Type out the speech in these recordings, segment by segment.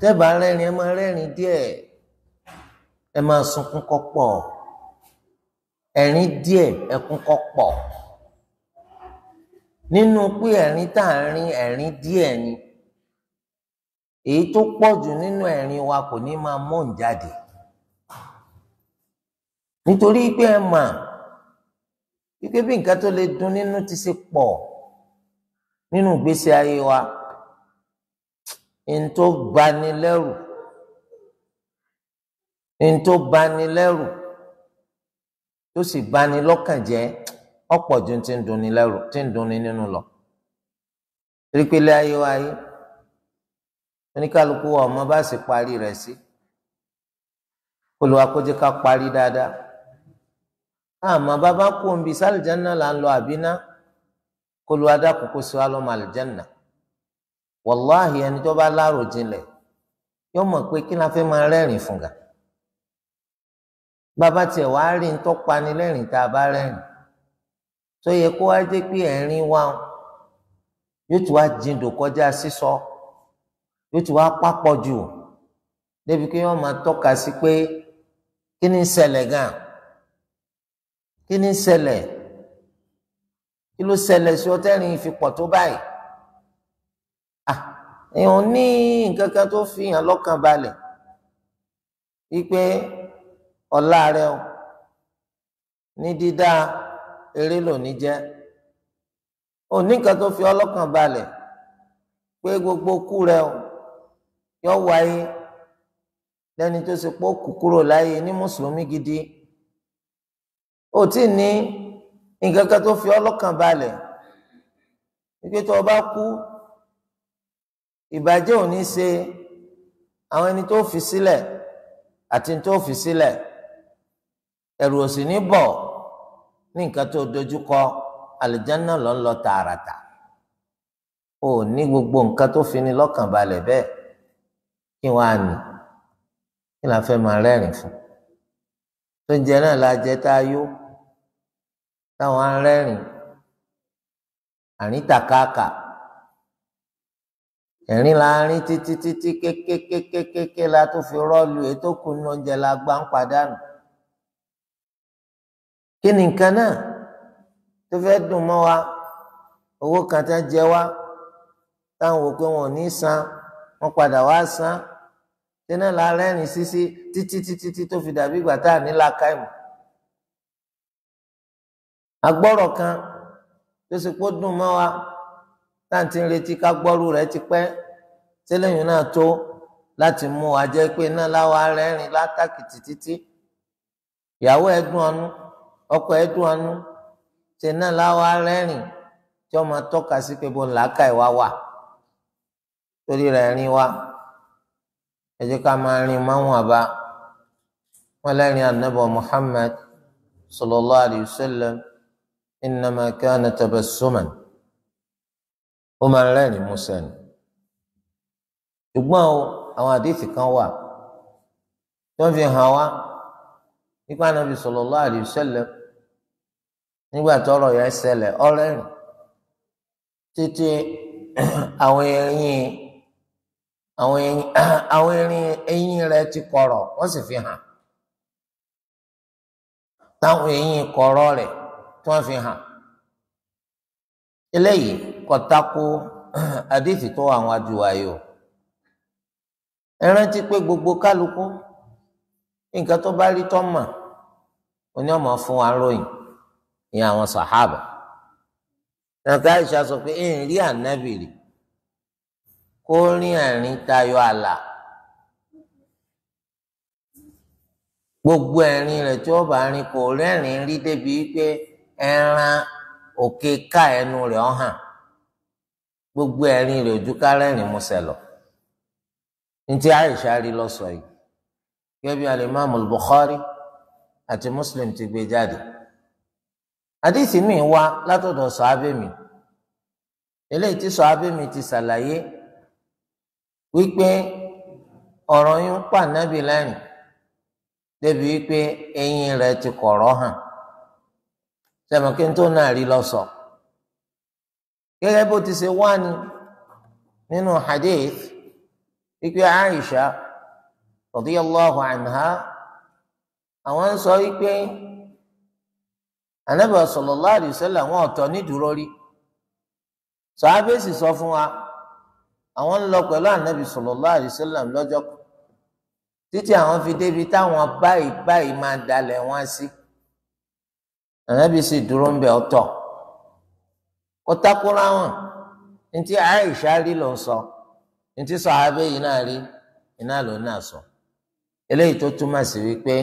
tẹ́bà rẹ́rìn ẹ máa rẹ́rìn díẹ̀ ẹ máa sunkún kọ́ pọ̀ ẹ̀rín díẹ̀ ẹkún kọ́ pọ̀ nínú pé ẹ̀rín tá à ń rín ẹ̀rín díẹ̀ ni èyí tó pọ̀ jù nínú ẹ̀rín wa kò ní máa mọ̀ jáde nítorí pé ẹ mà wípé bí nǹkan tó lè dùn nínú ti ṣe pọ̀ nínú ìgbésí ayé wa. ntó banilẹ́rù ntó banilẹ́rù tó sì bani lọ́kàn jẹ́ ọ̀pọ̀ ju ti ń dunni lẹ́rù ti ń dunni nínú lọ. rípele ayé wa yìí oníkálukú ọmọ bá sì parí rẹ̀ sí Olúwa kó jẹ́ ká parí dáadáa àmọ́ bàbá kú omi sálìjánná là ń lọ àbíná kó Olúwa dákun sí wa lọ́mọ àlìjánná. wàláhì ẹni tó bá lárò jinlẹ̀ yóò mọ̀ pé kí la máa rẹ́rìn fún ga bàbá tiẹ̀ wá rí ní tó pani lẹ́rìn tá a bá rẹ́rìn tó yẹ kó wá dé pé ẹ̀rín wá yóò tún wá jindò kọjá sísọ yóò tún wá pápọ̀ jù débi pé wọ́n máa tọ́ka sí pé kí ni ń ṣẹlẹ̀ gan kí ni ń ṣẹlẹ̀ kí ló ṣẹlẹ̀ sí ọtẹ́rìn fi tó báyìí. èèyàn ní nǹkan kan tó fi hàn lọ́kàn balẹ̀ wípé ọ̀la rẹ o ní dídá eré lòní jẹ́ ò ní nǹkan tó fi ọlọ́kàn balẹ̀ pé gbogbo kú rẹ o yọ wáyé lẹ́ni tó ṣe pé ó kú kúrò láyé ní mùsùlùmí gidi ò tí ní nǹkan kan tó fi ọlọ́kàn balẹ̀ wípé tó o bá kú ìbàjẹ́ ò ní ṣe àwọn ẹni tó fi sílẹ̀ àti tó fi sílẹ̀ ẹ̀rù ò sì ní bọ̀ ní nǹkan tó dojúkọ àlìjáná ló ń lọ tààràtà ò ní gbogbo nǹkan tó fi ní lọ́kàn balẹ̀ bẹ́ẹ̀ kí wọ́n á nì kí la fẹ́ máa rẹ́rìn fún tó jẹ náà la jẹ tá a yó táwọn á rẹ́rìn àríntàkáàkà ẹ̀rín la rín títí títí kékékékéké la tó fi rọ́ọ̀lù ètò kùnú oúnjẹ la gbá ń padànù kí ni nǹkan náà tó fẹ́ dùn mọ́ wa owó kan tán jẹ wá táwọn wò pé wọn ò ní san wọn padà wá san tẹ́nà la rẹ́rìn sísí títí títí tó fi dàbí ìgbà tá à ní làákàyèmù. agbọ́rọ̀ kan tó sì pé ó dùn mọ́ wa táǹtí ń retí ká gbọ́rú rẹ̀ ti pẹ́ tẹ́lẹ̀yìn náà tó láti mú wa jẹ́ pé iná láwa rẹ́rìn látàkìtì títí ìyàwó ẹ̀dùn ọ̀nù ọkọ ẹ̀dùn ọ̀nù ṣe náà láwa rẹ́rìn tí ọmọ tọ́ka sí pé bó làákà ìwà wà torí rẹ̀ rìn wá ẹ ká máa rìn máwọn àbá wọn lẹ́rìn ànábọ̀ Muhammad sallallahu alayhi wa sallam innama ó máa ń rẹ́rìn músẹ́ ni ṣùgbọ́n o àwọn àdéhìí kan wà tí wọ́n fi hàn wá nípa Ànábì sallallahu alaihi wasallam nígbà tọ́rọ̀ yẹn ṣẹlẹ̀ ọrẹrìn títí àwọn eyín àwọn eyín ti kọ̀rọ̀ wọ́n sì fi hàn táwọn kọ̀rọ̀ rẹ̀ tí wọ́n fi hàn kọtako àdìsí tó àwọn adìwáyé o ẹ rántí pé gbogbo kálukú nǹkan tó bá rí tọ́mà oní ọmọ fún wa ròyìn ìyẹn àwọn sàhábà nàkà Àìṣà sọ pé ẹ̀yìn rí ànábì rí kó rin àárín tayọ àlà gbogbo ẹ̀rín rẹ̀ tí ó bá rin kò rẹ́rìn rí débi pé ẹran òkè ká ẹnu rẹ̀ ọ̀hàn gbogbo ẹ̀rín rẹ̀ ojú kárẹ́rìn músẹ́ lọ ntí Aisha rí lọ́sọ̀ yìí gẹ́gẹ́ bí alimami Bukhari àti Muslim ti gbé jáde àdìsí mi wá látọ̀dọ̀ sọ̀ábẹ́mi eléyìí tí sọ̀ábẹ́mi ti ṣàlàyé wípé ọ̀rọ̀ yín ń pa nábì lẹ́rìn débi wípé eyín rẹ̀ ti kọ̀rọ̀ hàn sẹ́mi kí náà rí lọ́sọ̀ọ́ gẹ́gẹ́ bó ti ṣe wá ní nínú hadith wípé Aisha radiyallahu anha àwọn ń sọ wípé Ànábì sallallahu alaihi wasallam àwọn ọ̀tọ̀ nídúró rí sàábẹ́sì sọ fún wa àwọn ń lọ pẹ̀lú Ànábì sallallahu alaihi wasallam títí àwọn fi débi táwọn báyìí báyìí máa dalẹ̀ wọn sí Ànábì sì dúró ń bẹ̀ ọ̀tọ̀ ọtakùnrin àwọn ntí Aisha rí ló ń sọ ntí sọhábẹ yìí náà rí iná ló ń náà sọ eléyìí tó túmọ̀ sí wípé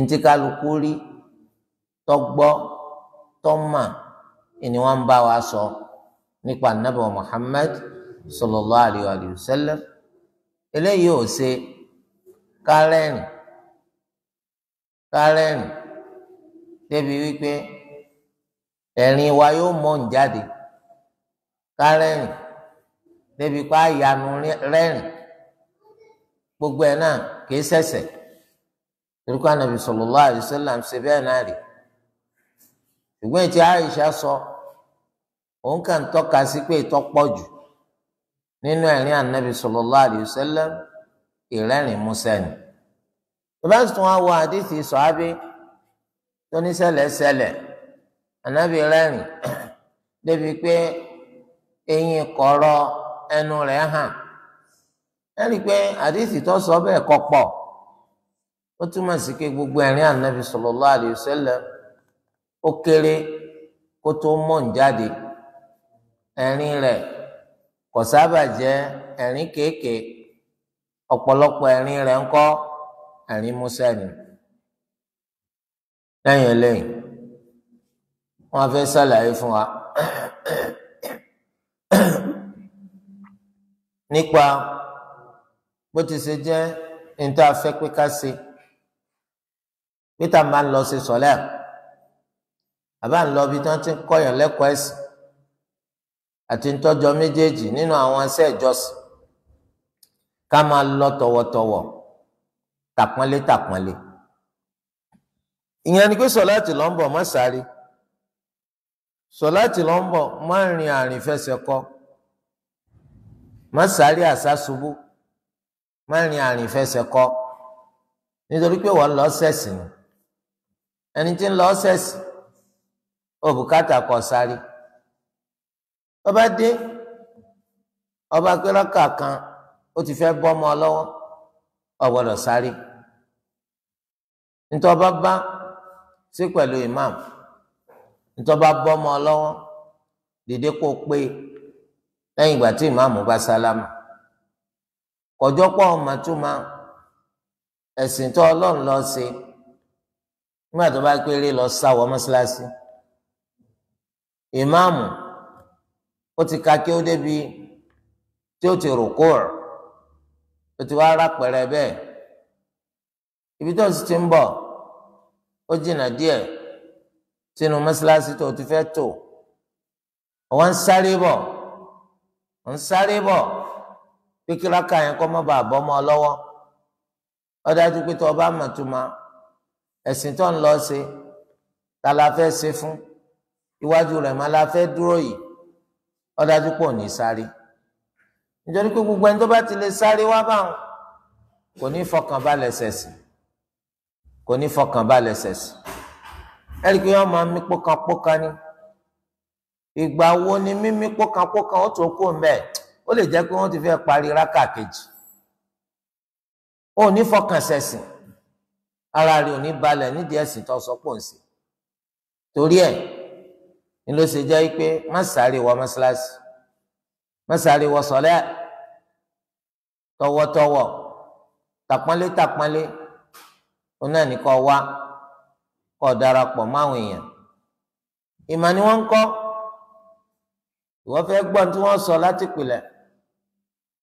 ntí kálukú rí tọgbọ́ tọ́mà ni wọ́n ń bá wa sọ nípa Ànábì Muhammad sallallahu alayhi wa sallam eléyìí ò ṣe kárẹ́ẹ̀nì kárẹ́ẹ̀nì débi wípé ẹ̀rín wa yóò mọ̀ ń jáde kárẹ́rìn débi pa àyànú rẹ́rìn gbogbo ẹ̀ náà kìí ṣẹ̀ṣẹ̀ torí ká nàbì sallallahu alaihi wasallam ṣe bẹ́ẹ̀ náà rè ṣùgbọ́n ètò Àìṣà sọ òun kàn tọ́ka sí pé ìtọ́ pọ̀ jù nínú ẹ̀rín ànábì sallallahu alaihi wasallam ìrẹ́rìn ni bàbá sùn wọ àdìsí sọ́ábí tó ní ṣẹlẹ̀ anabi rẹ́rìn débi pé eyín kọ̀rọ̀ ẹnu rẹ̀ hàn ẹ̀rí pé àdìsí tó sọ bẹ́ẹ̀ kọ́ pọ̀ ó túmọ̀ sí pé gbogbo ẹ̀rín anabi sallallahu alayhi wa sallam ó kéré kó tó mọ̀ ń jáde ẹ̀rín rẹ̀ kò sábà jẹ́ ẹ̀rín kéèké ọ̀pọ̀lọpọ̀ ẹ̀rín rẹ̀ ń kọ́ ẹ̀rín músẹ́ ni lẹ́yìn lẹ́yìn. wọ́n fẹ́ ṣàlàyé fún wa nípa bó ti ṣe jẹ́ níta fẹ́ pé ká ṣe peter máa ń lọ ṣe sọlẹ àbá ń lọ ibi tí wọ́n ti ń kọ́yàn lẹ́kọ̀ọ́ ẹ̀sìn àti ntọjọ méjèèjì nínú àwọn ẹsẹ ìjọsìn ká máa lọ tọ̀wọ̀tọ̀wọ̀ tàpọ́nlé tàpọ́nlé ìyẹn ni pé sọlá ti lọ ń bọ̀ mọ́ sáré sọláàtì ló ń bọ̀ má rìn àrìn fẹsẹ̀ kọ má sáré àsásubú má rìn àrìn fẹsẹ̀ kọ nítorí pé wọ́n lọ sẹ̀sì ni ẹni tí ń lọ sẹ̀sì ó bùkátà kọ sáré ọba dé ọba kẹrọkà kan ó ti fẹ́ bọ́ ọmọ lọ́wọ́ ó gbọ́dọ̀ sáré nítorí ọba bá sí pẹ̀lú ìmáàmù. ìjọba bọ́mọ lọ́wọ́ dèdè kó pé lẹ́yìn ìgbà tí ìmáàmù bá sálámà kọjọ́pọ̀ ọ̀mọ̀túnmá ẹ̀sìn tó ọlọ́run lọ ṣe nígbà tó bá péré lọ sáwọ mọ́ṣáláṣí ìmáàmù ó ti ka kí ó débi tí ó ti rùkú rẹ̀ ó ti wá rápẹ̀rẹ̀ bẹ́ẹ̀ ibi tó ti ń sínú mọ́ṣáláṣí tó ti fẹ́ tò wọ́n ń sáré bọ̀ wọ́n ń sáré bọ̀ pé kí rákà yẹn kọ́ mọ́ bàá bọ́ mọ́ ọ lọ́wọ́ ó dájú pé tó o bá mọ̀ tó ma ẹ̀sìn tó ń lọ ṣe ta la fẹ́ ṣe fún iwájú rẹ̀ má la fẹ́ dúró yìí ó dájú pé ò ní sáré nítorí pé gbogbo ẹni tó bá ti lè sáré wá báwọn kò ní fọkàn balẹ̀ ṣẹ̀sìn kò ní fọkàn balẹ̀ ṣẹ̀sìn ẹni pé wọn máa mí pọkànpọkàn ni ìgbà wo ni mímí pọkànpọkàn ó tó kó mbẹ ó lè jẹ pé wọn ti fẹ́ parí rákà kejì ó ní fọkàn sẹsìn ara rẹ̀ ò ní balẹ̀ nídìí ẹ̀sìn tó sọ pò ń torí ẹ̀ ni ló ṣe jẹ́ pé má sáré wọ mọ́ṣáláṣí má sáré wọ sọ́lẹ̀ tọwọ́tọwọ́ tàpọ́nlé tàpọ́nlé ó náà ní kó wá kọ́ darapọ̀ máwọn èèyàn ìmọ̀ ni wọ́n ń kọ́ ìwọ́n fẹ́ gbọ́n tí wọ́n sọ láti pìlẹ̀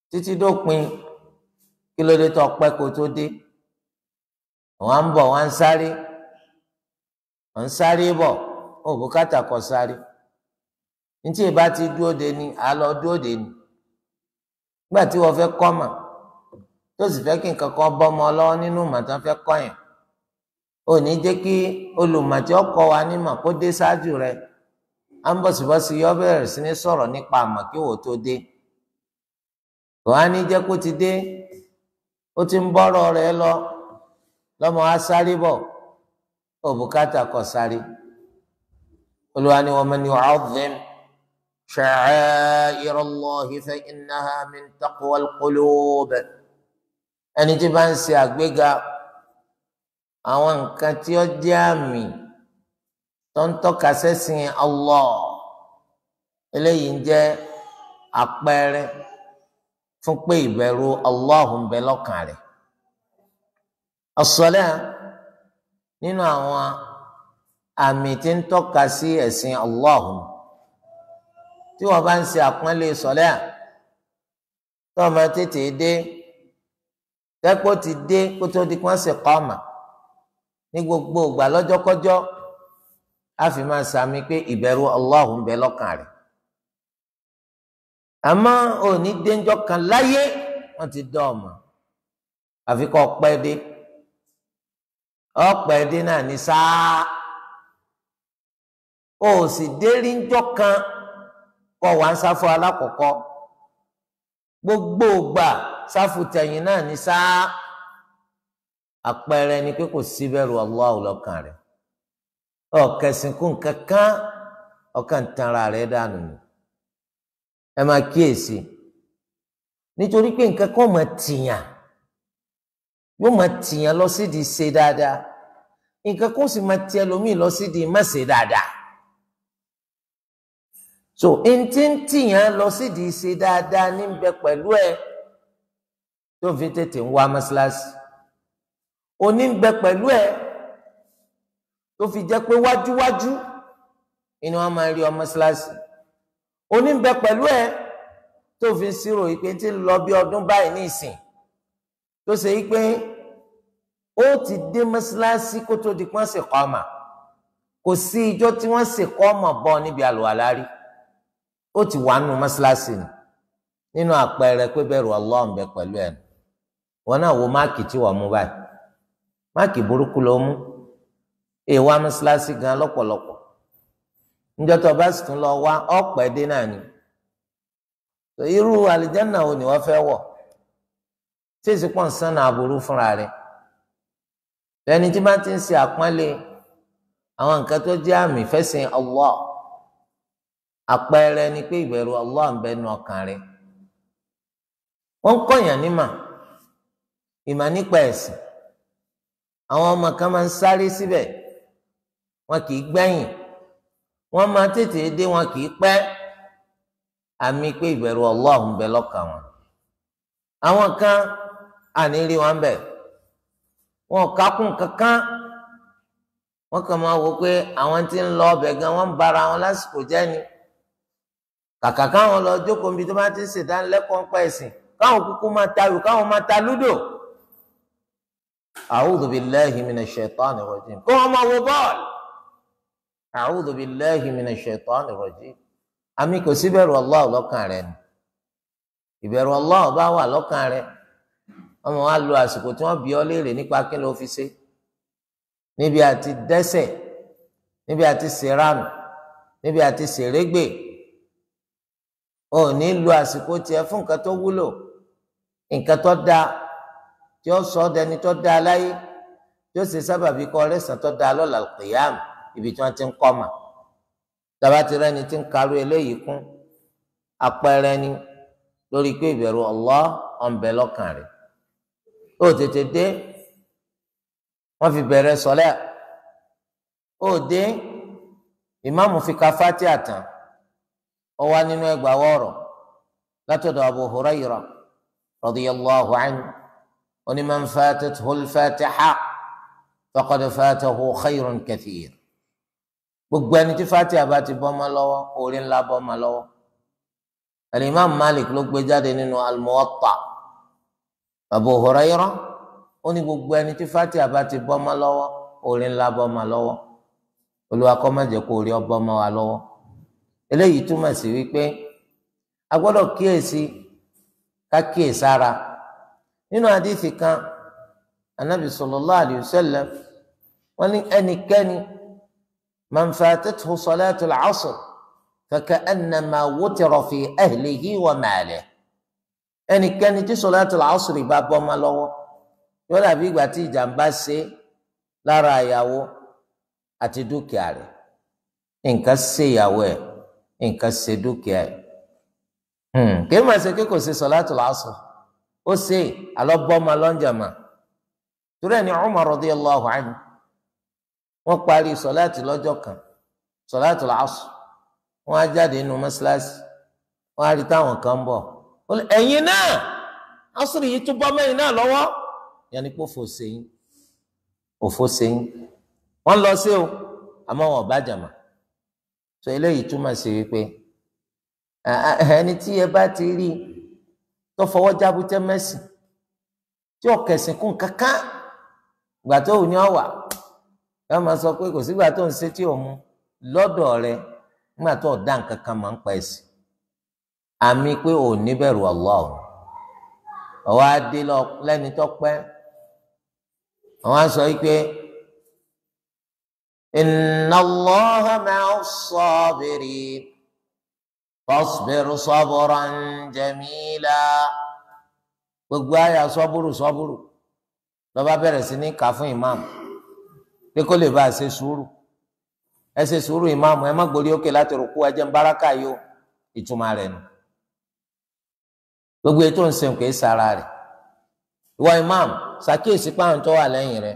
títí dópin kí ló dé tó pẹ́ kó tó dé wọ́n ń bọ̀ wọ́n ń sáré wọ́n ń sáré bọ̀ ó bùkátà kọ́ sáré ntí ìbá ti dúró de ni àlọ́ dúró de ni nígbà tí wọ́n fẹ́ kọ́ mà tó sì fẹ́ kí nǹkan kan bọ́ ọmọ ọlọ́wọ́ nínú màtá fẹ́ kọ́ yẹn ò ní jẹ́ kí olùmọ̀tí ọkọ wa nímọ̀ kó dé ṣáájú rẹ à ń bọ̀sibọ́sí yọ bẹ̀rẹ̀ sí ní sọ̀rọ̀ nípa àmọ̀ kí wò tó dé wọ́n á ní jẹ́ kó ti dé ó ti ń bọ́rọ̀ rẹ lọ lọ́mọ á sáré bọ̀ òbúkátà kọ̀ sáré olùwà ni waman yu'azzim sha'a'ira Allahi fa innaha min taqwal qulub ẹni tí bá ń ṣe àgbéga. àwọn nǹkan tí ó jẹ́ àmì tó ń tọ́ka sẹ́sìn Allah eléyìí ń jẹ́ àpẹẹrẹ fún pé ìbẹ̀rù Allah bẹ lọ́kàn rẹ̀ ọ̀sọ̀lẹ́ nínú àwọn àmì tí ń tọ́ka sí ẹ̀sìn Allah tí wọ́n bá ń ṣe àpọ́nlé tètè dé tẹ́pọ̀ ti dé kó tó di ní gbogbo ìgbà lọ́jọ́kọ́jọ́ a fi máa sàmì pé ìbẹ̀rù Ọlọ́hun bẹ lọ́kàn rẹ̀ àmọ́ òní déńjọ́ kan láyé wọ́n ti dán ọmọ àfi kọ́ ọpẹ́ dé ọpẹ́ dé náà ní sáá o sì dérí ńjọ́ kan kọ́ wà ń sáfọ́ alákọ̀ọ́kọ́ gbogbo ìgbà sáfù tẹ̀yìn náà ní sáá. àpẹẹrẹ ni pé kò síbẹ̀rù Allahu lọ́kàn rẹ ọ̀kẹ́sìn kún kankan ọkàn tanra rẹ dànù ni ẹ máa kíyèsí nítorí pé nǹkan kan máa tìyàn yóò máa tìyàn lọ sídìí ṣe dáadáa nǹkan kan sì máa ti ẹlòmíì lọ sídìí má ṣe dáadáa so ntí ń tìyàn lọ sídìí ṣe dáadáa níbẹ̀ pẹ̀lú ẹ tó fi tètè òní ń bẹ pẹ̀lú ẹ tó fi jẹ́ pé wájúwájú inú wa máa rí ọmọ síláàsì òní ń bẹ pẹ̀lú ẹ tó fi ṣírò ìpè tí ń lọ bí ọdún báyìí ní ìsìn tó ṣe yí pé ó ti dé mọ́sálásí kó tó di pọ́n sèkọ́ ọmọ kò sí ijó tí wọ́n sèkọ́ ọmọ bọ́ níbi àlùwàlá rí ó ti wà nù mọ́sálásí ni nínú àpẹẹrẹ pé bẹ̀rù ọlọ́run bẹ pẹ̀lú ẹ̀ wọ́n náà wo máàkì tí wọ́n mú báyìí máàkì burúkú ló mú èèwà mọ́ṣáláṣí gan lọpọlọpọ, níjọ́ tó bá sì lọ wá ọ̀pẹ́ dé náà ni irú àlìjáná wo ni na-aburu tí èsì pọ̀ ń sánà aburú fúnra rẹ lẹ́ni tí bá ti ń ṣe àpọ́nlé àwọn nǹkan tó jẹ́ àmì àpẹẹrẹ ni pé ìbẹ̀rù àwọn ọmọ kan máa ń sáré síbẹ̀ wọn kì í gbẹ̀yìn wọn máa tètè dé wọn kì í pẹ́ àmì pé ìbẹ̀rù Ọlọ́run bẹ lọ́kàn wọn àwọn kan àní rí wọn bẹ̀ wọn kákùn kankan wọn kàn máa wò pé àwọn tí ń lọ ọbẹ̀ gan wọn ń bara wọn lásìkò jẹ́ ni kàkà káwọn lọ jókòó níbi tó bá ti ń ṣèdánilẹ́kọ̀ọ́ ń káwọn kúkú máa tayò káwọn máa ta lúdò. أعوذ بالله من الشيطان الرجيم. قوم wọn máa wo bọ́ọ̀lù a'udhu billahi minash shaitani rajim àmì kò sí bẹ̀rù Allah lọ́kàn rẹ ni ìbẹ̀rù Allah bá wà lọ́kàn rẹ ọmọ wa lo àsìkò tí wọ́n bi ọ́ léèrè nípa kí ló fi ṣe níbi àti dẹ́ṣẹ̀ níbi àti ṣèrànù níbi àti ṣèrégbè ò ní lo àsìkò tiẹ̀ fún nǹkan tó wúlò nǹkan tó dáa. tí ó sọ dẹni tó da láyé tí ó sì sábàbí kọ rẹsàn tó da lọ́la kìyàm ibi tí ti ń kọ́ mà tàbá ti rẹ́ni tí ń karú eléyìí kún ni lórí pé ìbẹ̀rù Allah ọ̀nbẹ rẹ̀ ó tètè dé fi ó dé ìmáàmù fi ka ó wá nínú ẹgbàá oni man fatathu al-fatiha faqad fatahu khayrun kathir gbogbo ẹni tí fatiha bá ti bọ́ ma lọ́wọ́ orí ńlá bọ́ ma lọ́wọ́ al-imam malik ló gbé jáde nínú al-muwatta abu hurayra oni gbogbo ẹni tí fatiha bá ti bọ́ ma lọ́wọ́ orí ńlá bọ́ ma lọ́wọ́ Olúwa má jẹ́ kó orí ọbọ́ ma wa lọ́wọ́ eléyìí túmọ̀ sí wípé a gbọ́dọ̀ kíyèsí ká kíyèsára nínú àdìsí kan anabi sallallahu alayhi wa sallam wọn ní ẹnikẹ́ni man fatathu salatul asr fakaannama wutira fi ahlihi wa malihi ẹnikẹ́ni tí salatul asr bá bọ́ ma lọ́wọ́ yóò dàbí ìgbà tí ìjàmbá ṣe lára ìyàwó àti dúkìá rẹ̀ nǹkan ṣe ìyàwó ẹ̀ nǹkan ṣe dúkìá ẹ̀ hmm, kí ẹ máa ṣe kí kò ṣe salatul asr. ó alọ alọ́bọ́mọ lọ́njàmá torí ẹ̀ ní Umar radiyallahu anhu wọ́n parí sọ̀láàtì lọ́jọ́ kan sọ̀láàtì làásù wọ́n á jáde nínú á rí táwọn kan ń bọ̀ náà asùrì yìí tún bọ́ náà yẹnni òfò lọ o wọn ọba jàmà so eléyìí túmọ̀ sí wípé ẹni tí ẹ bá ti tó fọwọ́ jábútẹ́ mẹ́sìn tí ó kẹ̀sìn kún kankan ìgbà tó òun ní ọwà yóò máa sọ pé kò sígbà tó ń ṣe tí òun lọ́dọ̀ rẹ nígbà tó ọ̀dá nǹkan máa ń pa àmì Allah fasbir sabran jamila gbogbo àyà sọ́búrù sọ́búrù lọ́ba bẹ̀rẹ̀ sí ní kà fún imam pé kó lè bá a sùúrù ẹ sùúrù imam ẹ má gbórí òkè láti rúkú ẹ jẹ́ ń báraka yó ìtumọ̀ rẹ̀ nù gbogbo ètò ìsìn kò é sara rẹ̀ ìwọ imam ṣàkíyèsí páwọn tó wà lẹ́yìn rẹ̀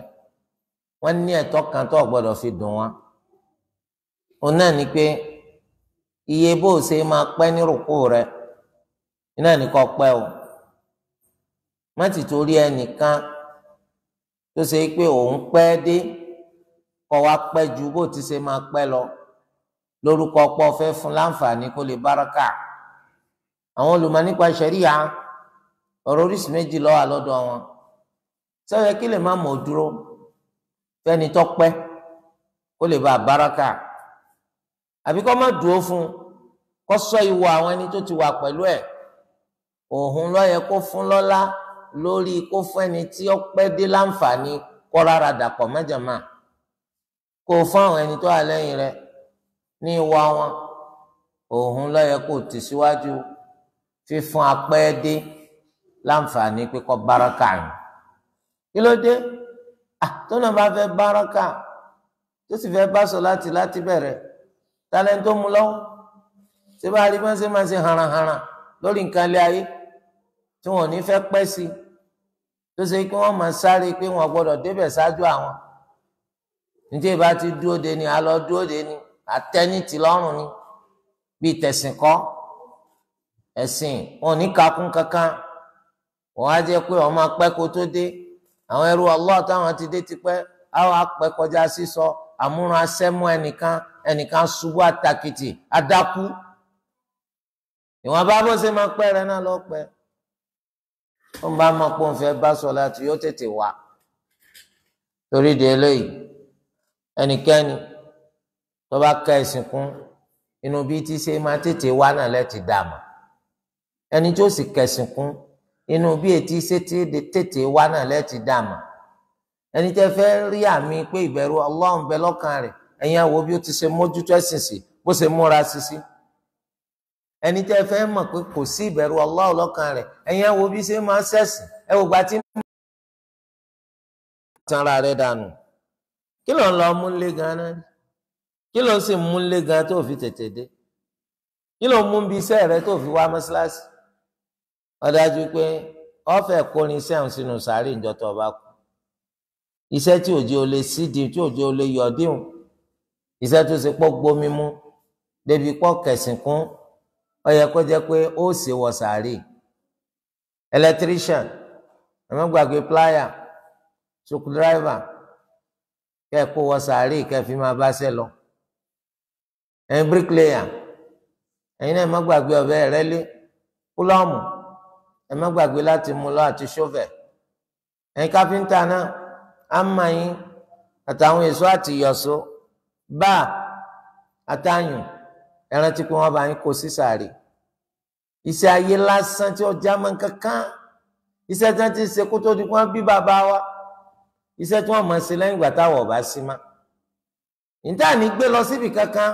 wọ́n ní ẹ̀tọ́ kan tó gbọ́dọ̀ fi dùn wọn òun náà ni pé iye bó o ṣe máa pẹ́ ní rúkú rẹ iná nìkan pẹ́ o má ti torí ẹnìkan tó ṣe pé òun pẹ́ dé kọ́ wa pẹ́ ju bó ti ṣe máa pẹ́ lọ lórúkọ pọ̀ fẹ́ fún láǹfààní kó lè báraka àwọn olùmọ̀ nípa ṣẹ̀ríyà ọ̀rọ̀ oríṣìí méjì ló lọ́dọ̀ wọn ṣé kí lè má mọ̀ dúró fẹ́ni tó kó lè bá báraka àbí kó má dúró fún un kó ṣọ́ ìwà àwọn ẹni tó ti wà pẹ̀lú ẹ̀ òun ló yẹ kó fún lọ́lá lórí kó fún ẹni tí ó pẹ́ dé láǹfààní kó rárá dàpọ̀ mẹ́jọ̀má kó fún àwọn ẹni tó wà lẹ́yìn rẹ̀ ní ìwà wọn òun ló yẹ kó tì fífún apẹ́ dé láǹfààní pé báràkà ni kí ló dé ah, tó náà bá fẹ́ báràkà tó sì fẹ́ bá sọ láti láti bẹ̀rẹ̀ tálẹ́ńtò mú lọ́wọ́ ṣé bá a rí bá ń ṣe máa ṣe haranharan lórí nǹkan ilé ayé tí wọn ò ní fẹ́ pẹ́ sí i tó ṣe pé wọ́n máa sáré pé wọ́n gbọ́dọ̀ débẹ̀ ṣáájú àwọn níjẹ́ ìbá ti dúró de ni àlọ́ dúró de ni àtẹ́nìtì lọ́rùn ni bíi tẹ̀sìn kọ́ ẹ̀sìn wọn ò ní kakún kankan wọn á jẹ́ pé wọ́n máa pẹ́ kó tó dé àwọn ẹrú Allah táwọn ti dé ti pẹ́ àwọn apẹ́ kọjá sísọ àmúran asẹ́mú ẹnìkan ẹnìkan ṣubú àtàkìtì adákú ìwọ̀n bá bó ṣe máa pẹ́ rẹ náà lọ pẹ́ ó ń bá máa pọ́n fẹ́ bá sọ láti yóò tètè wá torí de eléyìí ẹnikẹ́ni tó bá ka ẹ̀sìn kún inú bí tí ṣe máa tètè wá náà lẹ́tì dààmú ẹni tí ó sì kẹ̀sìn kún inú bí ètí ṣe tètè wá náà lẹ́tì dààmú ẹni tẹ́ fẹ́ rí àmì pé ìbẹ̀rù Ọlọ́run bẹ lọ́kàn rẹ̀ ẹ̀yin àwo bí ó ti ṣe mójútó ẹ̀sìn sí bó ṣe múra sí sí. ẹni tẹ́ fẹ́ mọ̀ pé kò sí ìbẹ̀rù Allah lọ́kàn ẹ wo bí ṣe máa ṣẹ̀sìn ẹ wo gba tí mo tan ara rẹ̀ dànù kí ló ń lọ mú lé gan náà kí ló ń sì mú lé gan tó fi tètè dé kí ló ń mú bí iṣẹ́ fi wá mọ́ṣáláṣí ó pé ọ̀fẹ́ kórin sẹ́hùn sínú sàárì ìjọ tó bá kú iṣẹ́ tí òjò lè sídìí tí òjò lè tó ṣe mú débi ó yẹ kó jẹ́ pé ó ṣe wọ sàárè electrician ẹ̀mọ́ gbàgbé plier truck driver, ẹ̀ kó wọ sàárè kẹ́ ẹ̀ fi máa bá ṣẹ́ lọ ẹ̀yin bricklayer ẹ̀yin náà ẹ̀mọ́ gbàgbé ọ̀bẹ ìrẹ́lé púlọ́ọ̀mù ẹ̀mọ́ gbàgbé láti mú lọ àti ṣọ́fẹ̀ ẹ̀yin káfíńtà náà á mọ yín àtàwọn èso àti ìyọ̀só báà àtàyùn ẹran tí kò wọn bá yín kó sí sàárè iṣẹ́ ayé lásán tí ọjà máa ń kankan iṣẹ́ tí wọ́n ti ṣe kó tó di kó wọ́n bí bàbá wa iṣẹ́ tí wọ́n máa ṣe lẹ́yìn ìgbà táwọn ọba sí ma níta ní gbé lọ síbi kankan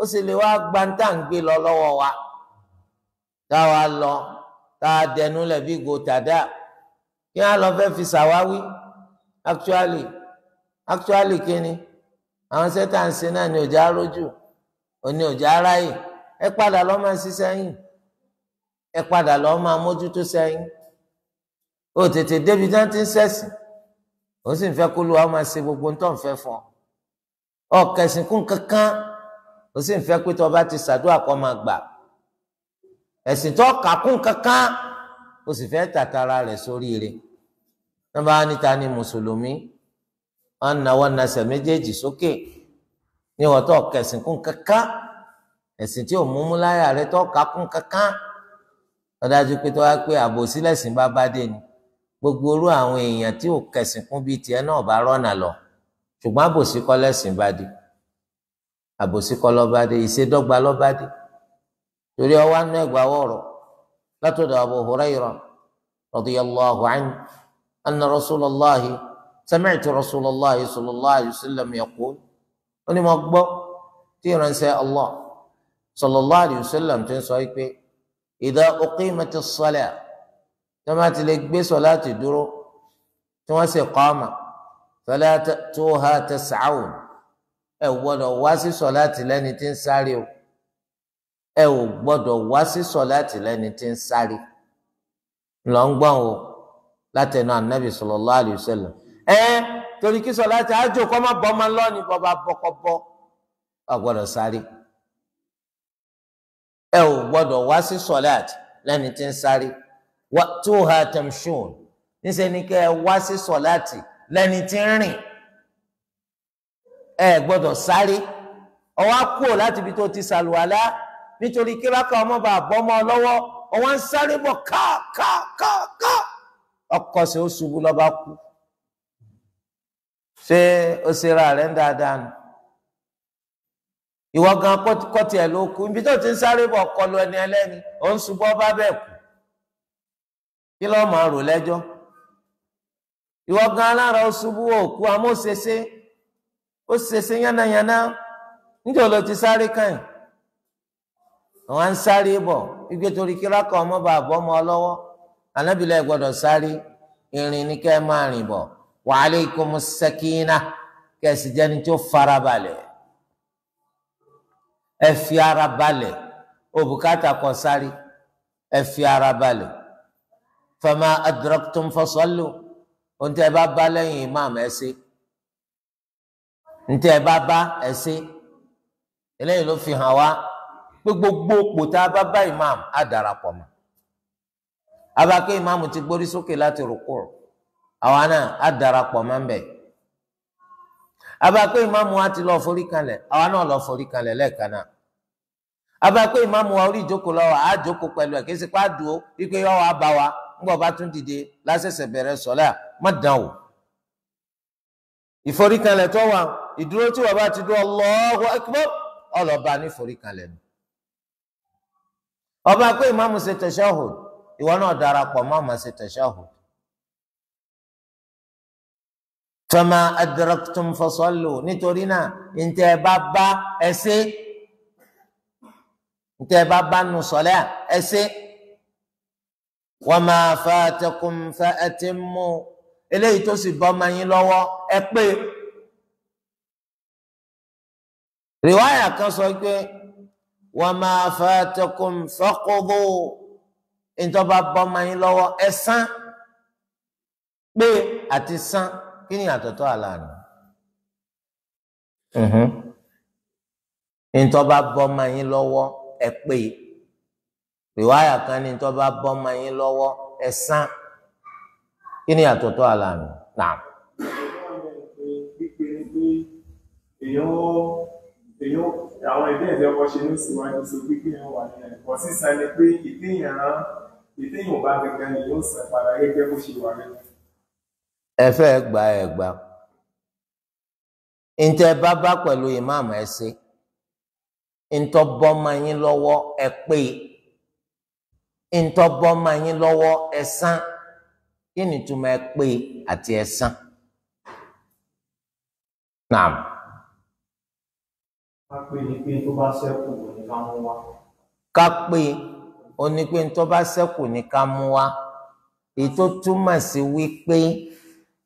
ó sì lè wá gba níta ń gbé lọ lọ́wọ́ wa táwa lọ táwa dẹnu lẹbi go tàdá kí wọ́n lọ fẹ́ fi ṣàwáwí actually actually kí ni àwọn sẹ́tà ń ṣe náà ní ọjà arójú òní ọjà aráyè ẹ padà lọ máa ṣiṣẹ́ yín ẹ padà lọ máa mójútó sẹ́yìn ó tètè débi tí wọ́n ti ń ṣẹ̀sìn ó sì ń fẹ́ kó lu àwọn máa ṣe gbogbo ń tọ́ ń fẹ́ fún ọ ọ̀kẹ́sìn kún kankan ó sì ń fẹ́ pé tó o bá ti ṣàdúrà kó máa gbà ẹ̀sìn tó kà kún kankan ó sì fẹ́ tàtàrà rẹ̀ sóríire nígbà wọn níta ni mùsùlùmí wọn náwó nasẹ̀ méjèèjì sókè. Okay níwọ̀n tó kẹsìn kún kankan ẹ̀sìn tí ò mú mú láyà rẹ tó kà kún kankan lọ́dájú pé tó wá pé àbòsí lẹ̀sìn bá bá dé ni gbogbo orú àwọn èèyàn tí ò kẹsìn kún bíi tiẹ̀ náà bá rọ́nà lọ ṣùgbọ́n àbòsí kọ́ lẹ̀sìn bá dé àbòsí kọ́ lọ́ba dé ìṣedọ́gba lọ́ba dé torí ọwọ́ anú ẹ̀gbà wọ̀rọ̀ látọ̀dọ̀ Abu Hurairah radiyallahu anhu anna rasulallah sami'tu rasulallah sallallahu alayhi wa sallam yaqul ó ní mo gbọ́ tí ìránṣẹ́ Allah sallallahu alayhi wa sallam ti ń sọ pé idha uqimatis salah tí wọ́n ti lè gbé sọ̀láàtì dúró tí wọ́n sì qama fala ta'tuha tas'awn ẹ gbọ́dọ̀ wá sí sọ̀láàtì lẹ́ni tí ń sáré o ẹ ò gbọ́dọ̀ wá sí sọ̀láàtì lẹ́ni tí ń sáré lọ́ngbọ̀n o látẹnu anabi sallallahu alayhi wa sallam ẹ torí kí sọlá ti àjò kọ́ máa bọ́ ọmọ lọ́ọ̀ni bọ́ba bọ́kọ́bọ́ ọ gbọ́dọ̀ sáré ẹ ò gbọ́dọ̀ wá sí sọlá lẹ́ni tí ń sáré tó ha tamshun níṣẹ́ ni kẹ́ ẹ wá sí sọlá lẹ́ni tí ń rìn ẹ gbọ́dọ̀ sáré ọwọ́ á kúrò láti ibi tó ti sàlùwàlá nítorí kí rákà ọmọ bá lọ́wọ́ ọwọ́ ń sáré bọ̀ káàkáàkáà ọkọ̀ sí ó ṣubú lọ́ba kú. ṣé o ṣera rẹ̀ ń dáadáa nù ìwọ gan kọ́tì ẹ̀ ló kú ibi tó ti ń sáré kọlu ẹni ẹlẹni ò ń ṣubú ọba bẹ́ẹ̀ kú kí lọ́ọ́ máa rò lẹ́jọ́ ìwọ gan alára ó ṣubú òkú àmọ́ ó ṣeṣe ó ṣeṣe yánnayànna ló ti sáré kàn ń wa alaykumus sakina kẹsì jẹni tó farabalẹ̀ ẹ fi ara balẹ̀ òbúkátà kọ sáré ẹ fi ara balẹ̀ fama adraktum fasallu ntẹ bá bá lẹ́yìn imam ẹ ṣe ntẹ bá bá ẹ ṣe ló fi hàn wá gbogbo bá bá imam á darapọ̀ mọ́ imam ti gbórí sókè àwa náà á darapọ̀ ma ń bẹ̀. abakó imamu wa ti lọ forí kalẹ̀ àwa náà lọ forí kalẹ̀ lẹ́ẹ̀kan náà. abakó ìmáàmù wa orí ìjókòó lọ́wọ́ á jókòó pẹ̀lú ẹ̀ kí sì pa dùn ó wípé yọ wá bá wa ńgbọ̀ bá tún dìde lásẹ̀sẹ̀ bẹ̀rẹ̀ sọ́lá má o. ìforí kalẹ̀ tó wà ìdúró tí wàá bá ti dún Allahu Akbar ọlọ́ba ní forí kalẹ̀ nù. fama adraktum fasallu nítorí náà ntẹ bá bá ẹsẹ ntẹ bá bá nu sọlẹ ẹsẹ wama fatakum fa atimmu eléyìí tó sì bọ́ ọmọ yín lọ́wọ́ ẹ pé rìwáyà kan sọ pé wama fatakum faqdu ntọ́ bá bọ́ ọmọ yín lọ́wọ́ ẹ san pé àti san kí ni àtọ̀tọ̀ àlànà ntọ́ mm-hmm. bá bọ́ ma yín lọ́wọ́ ẹ pé rìwáyà kan ní ntọ́ bá bọ́ ma yín lọ́wọ́ ẹ san kí ni àtọ̀tọ̀ àlànà náà. àwọn ìdí ẹ̀jẹ̀ ọkọ̀ ṣe ní síwájú sí pípé yẹn wà ní ẹ̀kọ́ sísan ni pé ìdíyàn ìdíyàn bá gbẹgbẹ ni yóò san padà gẹ́gẹ́ bó ṣe wà nínú. Efe egba gba ẹ gba ntẹ bá bá pẹ̀lú ìmáàmù ẹ ṣe ntọ́bọ́mọ yín lọ́wọ́ ẹ pé ntọ́bọ́mọ yín lọ́wọ́ ẹ san kí ni túmọ̀ ẹ pé àti ẹ san. Naam. Ká pé bá ní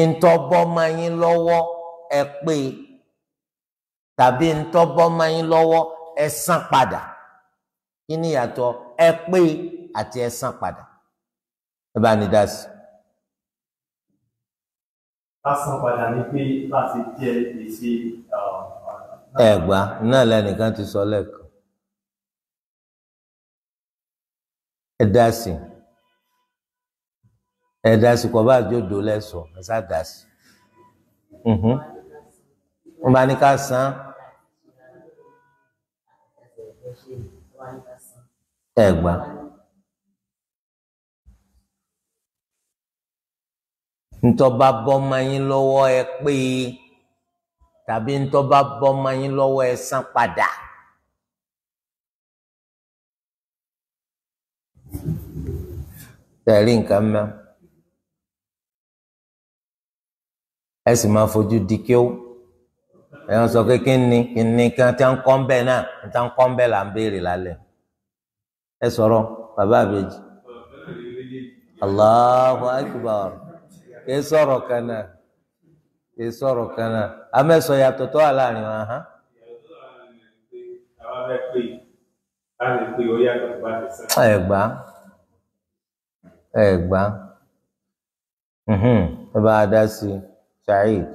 ntọ́bọ́mọ yín lọ́wọ́ ẹ pé tàbí ntọ́bọ́mọ yín lọ́wọ́ ẹ san padà kí ni ìyàtọ̀ ẹ pé àti ẹ san padà ẹ bá ní dá sí. lásán padà pé ẹgbà náà lẹnìkan ti ẹ dá ẹ dasi kọ bá àjọdò lẹsọ ẹsà dasi mm-hmm. wọn bá ní ká san ẹ gbà. ntọ́ba bọ́mọ yín lọ́wọ́ ẹ pé tàbí ntọ́ba bọ́mọ yín lọ́wọ́ ẹ san padà. tẹ̀lé nǹkan mẹ́rin. ẹ sì máa fojú di kíó ẹ wọn sọ pé kí ni kí ni kí wọn ti ń kọ́ ń bẹ̀ náà ń ti ń kọ́ ń là ń béèrè lálẹ́ Allahu kì í sọ̀rọ̀ kan náà kì í sọ̀rọ̀ kan náà amẹ́sọ̀ yàtọ̀ tó wà láàrin wọn i. Sa'id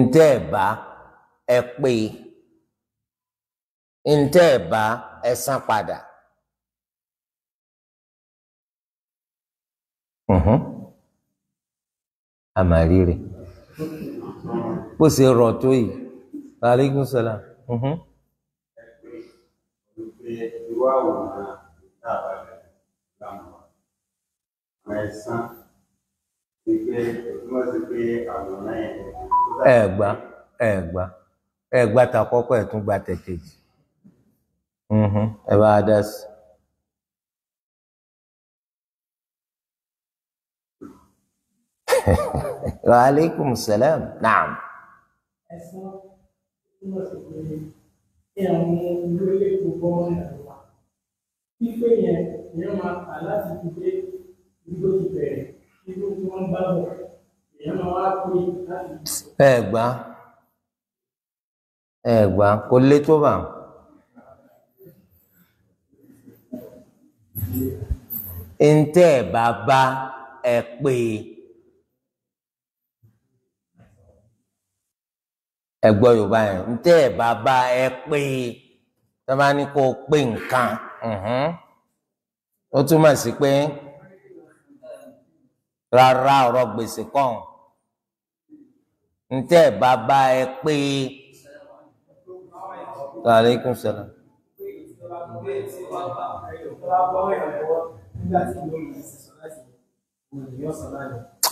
ntẹ́ ẹ̀ bá ẹ pé ntẹ́ ẹ̀ bá ẹ san padà. àmàlíre bó ṣe rọ̀ tó yìí aleykum salaam. Ìwà òun egba egba ẹgbà ta kọkọ gba tẹ̀kejì ẹ bá a salaam naam. Ife yẹn, ìyẹn máa kà láti fi dé ibi tó ti bẹ̀rẹ̀. irú tí wọ́n bá bọ̀ èèyàn máa wá pè láti. ẹ gbà ẹ gbà kò lè tó bá. ntẹ bàbá ẹ pè ẹ yorùbá yẹn ntẹ bàbá ẹ pè tọ́ba ní kó o nǹkan mhm. ó túmọ̀ sí pé rárá ọ̀rọ̀ gbèsè kọ́hún ntẹ́ bàbá ẹ pé aleykum salaam.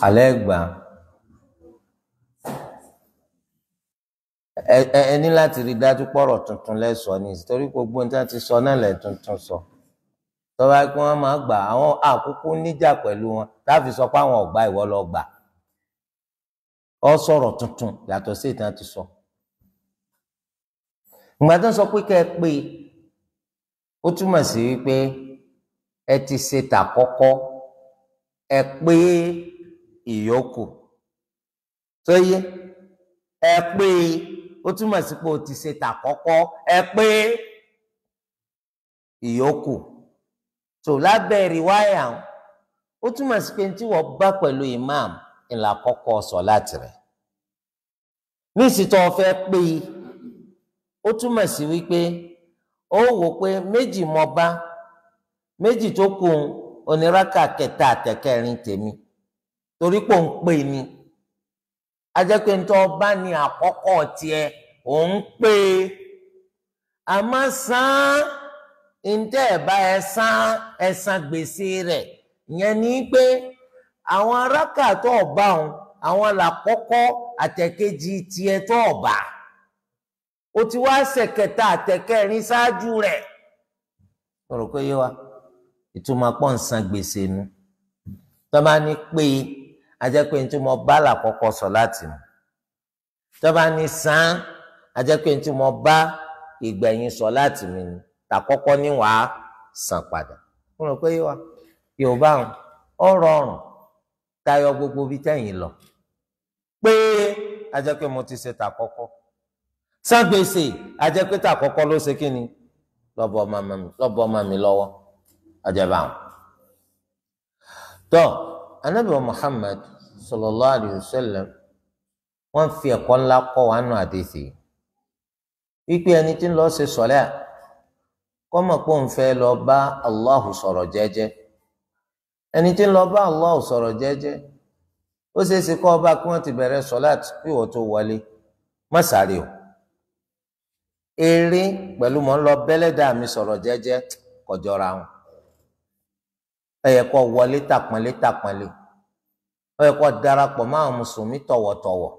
alẹ́ gbà ẹ ní láti rí dájú pọ̀rọ̀ tuntun lẹ́sọ̀ọ́ ní torí gbogbo nǹkan tí sọ náà lẹ́ tuntun sọ. So tọ́ba kí wọ́n máa gbà àwọn àkókò níjà pẹ̀lú wọn táàfi sọ pé àwọn ọ̀gbà ìwọ lọ gbà ọ sọ̀rọ̀ tuntun yàtọ̀ sí ìtàn ti sọ. ìgbà tó ń sọ pé kẹ́ ẹ pé ó túmọ̀ sí wípé ẹ ti ṣe tàkọ́kọ́ ẹ pé ìyókù tó yé ẹ pé ó túmọ̀ sí pé o ti ṣe tàkọ́kọ́ ẹ pé ìyókù. tó lábẹ́ rìwáyà ó túmọ̀ sí pé tí wọ́n bá pẹ̀lú imam ńlá kọ́kọ́ sọ láti rẹ̀ ní ìsìtọ́ pé ó túmọ̀ sí wípé ó wò pé méjì mo bá méjì tó kù oníraka kẹta àtẹkẹrin tèmi torí pò ń pè ní ajẹ́pẹ́ ńtọ́ bá ní àkọ́kọ́ tiẹ̀ òun pé àmọ́ sàn án. ntẹ́ ẹ̀ bá ẹ san ẹ gbèsè rẹ̀ ìyẹn ni pé àwọn arákà tó ọba òun àwọn làkọ́kọ́ àtẹ̀kejì tiẹ̀ tó ọba o ti wá ṣẹ̀kẹta àtẹ̀kẹrin ṣáájú rẹ̀ ọ̀rọ̀ pé yé wa ìtumọ̀ pọ̀ ń san gbèsè nu tó bá ní pé ajẹ́pẹ́ ní tí bá làkọ́kọ́ sọ láti mu tó ní san ajẹ́pẹ́ ní tí bá ìgbẹ̀yìn sọ láti mi ni tàkọ́kọ́ ní wàá san padà wọn rò pé wa yorùbá ọ̀rọ̀ ọ̀rùn tayọ gbogbo bíi tẹ̀yìn lọ pé ajẹ́ pé mo ti ṣe tàkọ́kọ́ san gbèsè ajẹ́ pé tàkọ́kọ́ ló ṣe kí ni lọ́bọ̀ ọmọ mi lọ́wọ́ ajẹ́bà wọn. tọ́ anábìwọ̀ Muhammad sallallahu alayhi wa sallam wọ́n fi ẹ̀kọ́ ńlá kọ́ wa nù àdéhìí wípé ẹni tí ń lọ ṣe sọ̀lẹ́ kọ́mọ̀ pé òun fẹ́ lọ bá Allahu sọ̀rọ̀ jẹ́jẹ́ ẹni tí ń lọ bá Allahu sọ̀rọ̀ jẹ́jẹ́ ó ṣeé ṣe kọ́ ọba kí wọ́n ti bẹ̀rẹ̀ sọ́láàtì kí ìwọ́n tó wọlé má sáré o eré pẹ̀lú mọ́ ń lọ bẹ́lẹ́dà mi sọ̀rọ̀ jẹ́jẹ́ kọjọra wọn ẹ yẹ wọlé tàpọ́nlé tàpọ́nlé ó yẹ kó darapọ̀ àwọn mùsùlùmí tọ̀wọ̀tọ̀wọ̀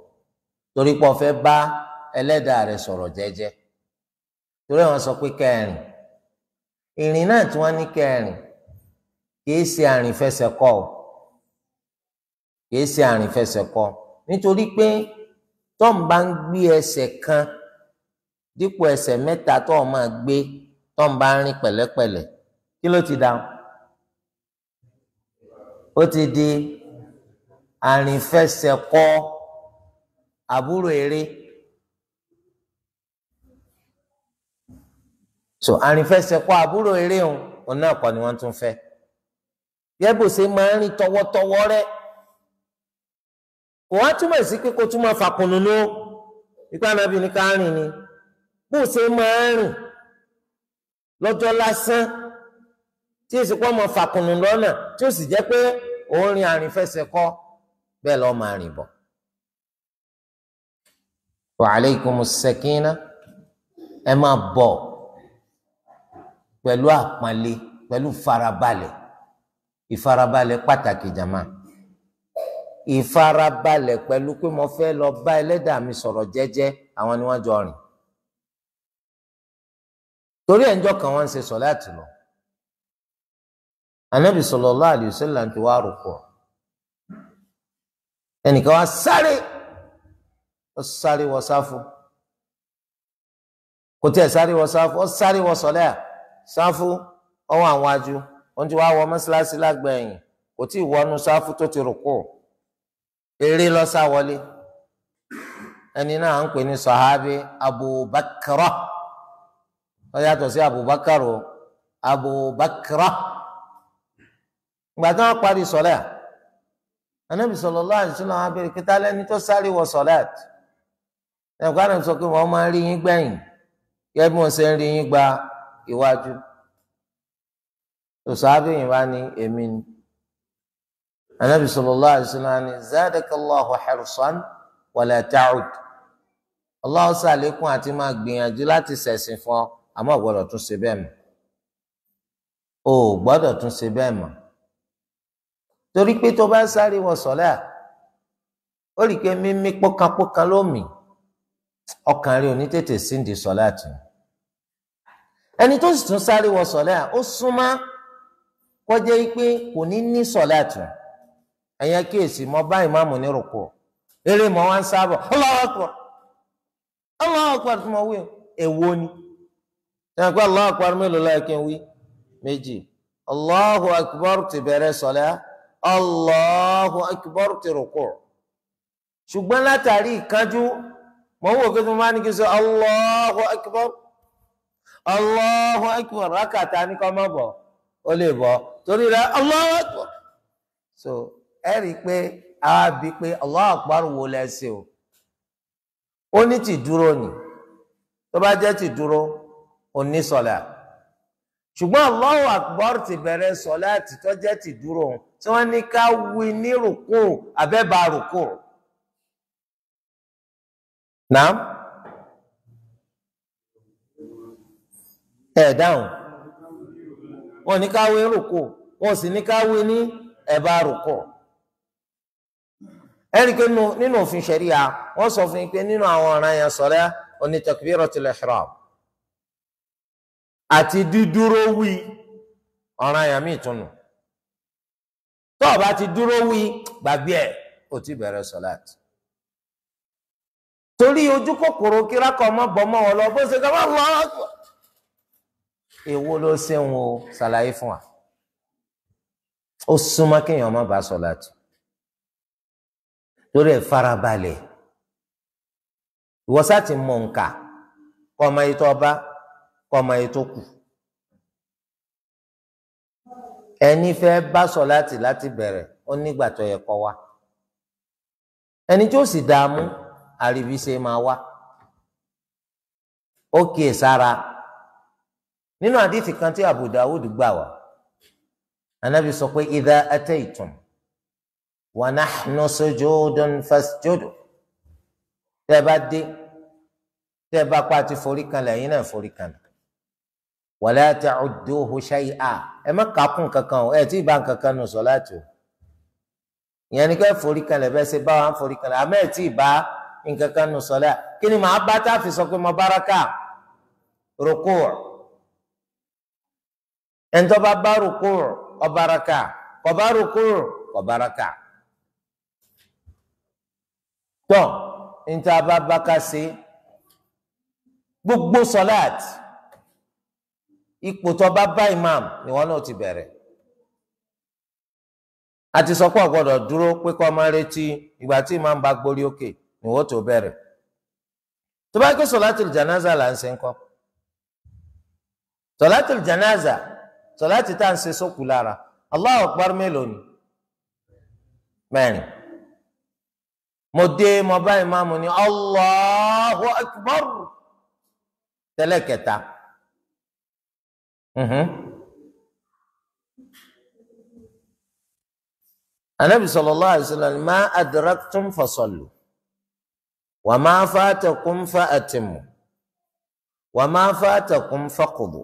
torí pé ó bá ẹlẹ́dàá rẹ̀ sọ̀rọ̀ jẹ́jẹ́ torí àwọn sọ pé kẹrin ìrìn náà tí wọ́n ní kẹrin kìí ṣe àrìnfẹsẹ̀kọ o kìí ṣe àrìnfẹsẹ̀kọ nítorí pé tọ́m bá ń gbé ẹsẹ̀ kan dípò ẹsẹ̀ mẹ́ta tó máa gbé tọ́m bá ń rìn pẹ̀lẹ́pẹ̀lẹ́ kí ló ti dà ó ti di àrìnfẹsẹ̀kọ àbúrò eré. so àrìnfẹsẹ̀kọ àbúrò eré òun òun náà kọ́ ni wọ́n tún fẹ́ yẹ́bù ṣe máa ń rìn tọwọ́tọwọ́ rẹ kò wá túmọ̀ sí pé kó túmọ̀ fàkùnùnú ipá nàbí ní ká rìn ni bó máa ń rìn lọ́jọ́ lásán tí èsì pọ́ mọ fàkùnùn lọ́nà tí ó sì jẹ́ pé òun rìn bẹ́ẹ̀ lọ́ọ́ máa rìn bọ̀. wa alaikumus sakina ẹ máa bọ̀ pẹ̀lú àpọ́nlé pẹ̀lú farabalẹ̀ ìfarabalẹ̀ pàtàkì jàmá ìfarabalẹ̀ pẹ̀lú pé mo fẹ́ lọ bá ẹlẹ́dàá mi sọ̀rọ̀ jẹ́jẹ́ àwọn ni wọ́n jọ rìn torí ẹ̀ńjọ́ kan wọ́n ń ṣe sọ̀láàtì lọ anabi sallallahu alayhi wa sallam ti wá rúkọ ẹnìkan wá sáré ó sáré wọ sáfù kò tí ẹ sáré wọ sáfù ó sáré wọ sọlẹ́à. sáfù ọwọ àwọn ajú wọ́n ti wá wọ mọ́ṣáláṣí lágbẹyìn kò tí ì wọnú tó ti rò eré lọ́sà wọlé ẹni náà ń pè ní sọ̀hábí abubakra ó sí abubakar o gbàtà wọn sọlẹ anabi sallallahu alaihi abẹrẹ kíta lẹni tó sáré wọ sọlẹ iwájú tòṣàbí yìí bá ní èmi ni anabi sallallahu alaihi wasallam ni zadakallahu hirsan wala ta'ud Allah ṣàlékún àti máa gbìyànjú láti ṣẹ̀sìn fún ọ àmọ́ gbọ́dọ̀ tún ṣe bẹ́ẹ̀ mọ́ o gbọ́dọ̀ tún ṣe bẹ́ẹ̀ mọ́ torí pé tó bá sáré wọ sọ́lá ó rí i pé mímí pọ́kànpọ́kàn lómi ọkàn rẹ̀ ò ní tètè síndìí sọ́lá tì ẹni tó sì tún sáré wọ sọ̀lá ó súnmọ́ kọjá pé kò ní ní sọ̀lá tù ẹ̀yẹ kíyèsí mo bá ìmáàmù ní rúkọ eré mọ́ wá ń sábọ̀ Allahu Akbar tó mọ wí èwo ni ẹ̀yẹ pé Allahu mélòó wí méjì ti bẹ̀rẹ̀ ti rúkọ Allahu akbar rákàtà ní kọ́ mọ́ bọ̀ ó lè bọ̀ torí rẹ̀ Allahu akbar so ẹ rí i pé àwa bí pé Allahu akbar wo lẹ́sẹ̀ o ó ní ti dúró ni tó bá jẹ́ ti dúró ó ní sọ̀lá ṣùgbọ́n Allahu akbar ti bẹ̀rẹ̀ sọ̀lá tó jẹ́ ti dúró tí wọ́n ní ká wí ní rùkúrù àbẹ́bà rùkúrù. Naam. ẹ dáhùn wọn ní káwé rúkú wọn sì ní káwé ní ẹ̀bá rúkú ẹnìkan nínú òfin ṣẹ̀ríya wọ́n sọ fún yín pé nínú àwọn ọ̀ràn yẹn sọ̀rẹ́ oní takbiratul ihram àti dídúró wí ọ̀ràn yẹn míì túnú tó o bá ti dúró wí gbàgbé ẹ̀ o ti bẹ̀rẹ̀ sọ̀láàt torí ojú kòkòrò kírákọ̀ ọmọ bọ̀ mọ́ wọn lọ bó ṣe kọ́ bá lọ́ọ́ èwo ló ṣeun o ṣàlàyé fún wa ó súnmọ́ kéèyàn má bàa sọ láti lórí ẹ̀ farabalẹ̀ ìwọ́sá ti mọ̀ nǹka kọ́ ọmọ yìí tó bá kọ́ ọmọ yìí tó kù ẹni fẹ́ bá sọ láti láti bẹ̀rẹ̀ ó nígbà tó yẹ kó wá ẹni tí ó sì dààmú àríwí ṣe máa wá ó kìí sára nínú àdìsí kan tí Abu Dawud gbà wá anabi sọ pé idha ataytum wa nahnu sujudun fasjudu tẹ́ bá dé tẹ́ bá pa ti forí kanlẹ̀ ẹ̀yin náà forí kanlẹ̀ wala ta'udduhu shay'a ẹ má kàákùn kankan o ẹ tí ì bá kankan nù sọ láti o ìyẹn ni ká forí kanlẹ̀ bẹ́ẹ̀ ṣe bá wa ń forí kanlẹ̀ ẹ tí ì bá nǹkan nù sọ láti kí ni màá bá tá a fi sọ pé mo bára ká rukú' ẹni tó bá bá rúkú ó bá rákà kò bá rúkú ó bá rákà tọ níta bá bá ká sí gbogbo sọláàt ipò tó bá bá imam ni wọn náà ti bẹ̀rẹ̀ àti sọ pé dúró pé máa retí ìgbà tí imam bá gbórí òkè ni wọn tó bẹ̀rẹ̀ tó bá ké sọláàtì janaza là ń ṣe ńkọ́ sọláàtì sọláàtì tá à ń ṣe sókù lára Allahu Akbar mélòó ni mẹ́rin mo dé mo bá ìmáàmù ní Allahu Akbar tẹ́lẹ̀ kẹta anabi mhm. sallallahu alaihi wasallam ma adraktum fasallu wa ma fatakum fa atimu wa ma fatakum faqudu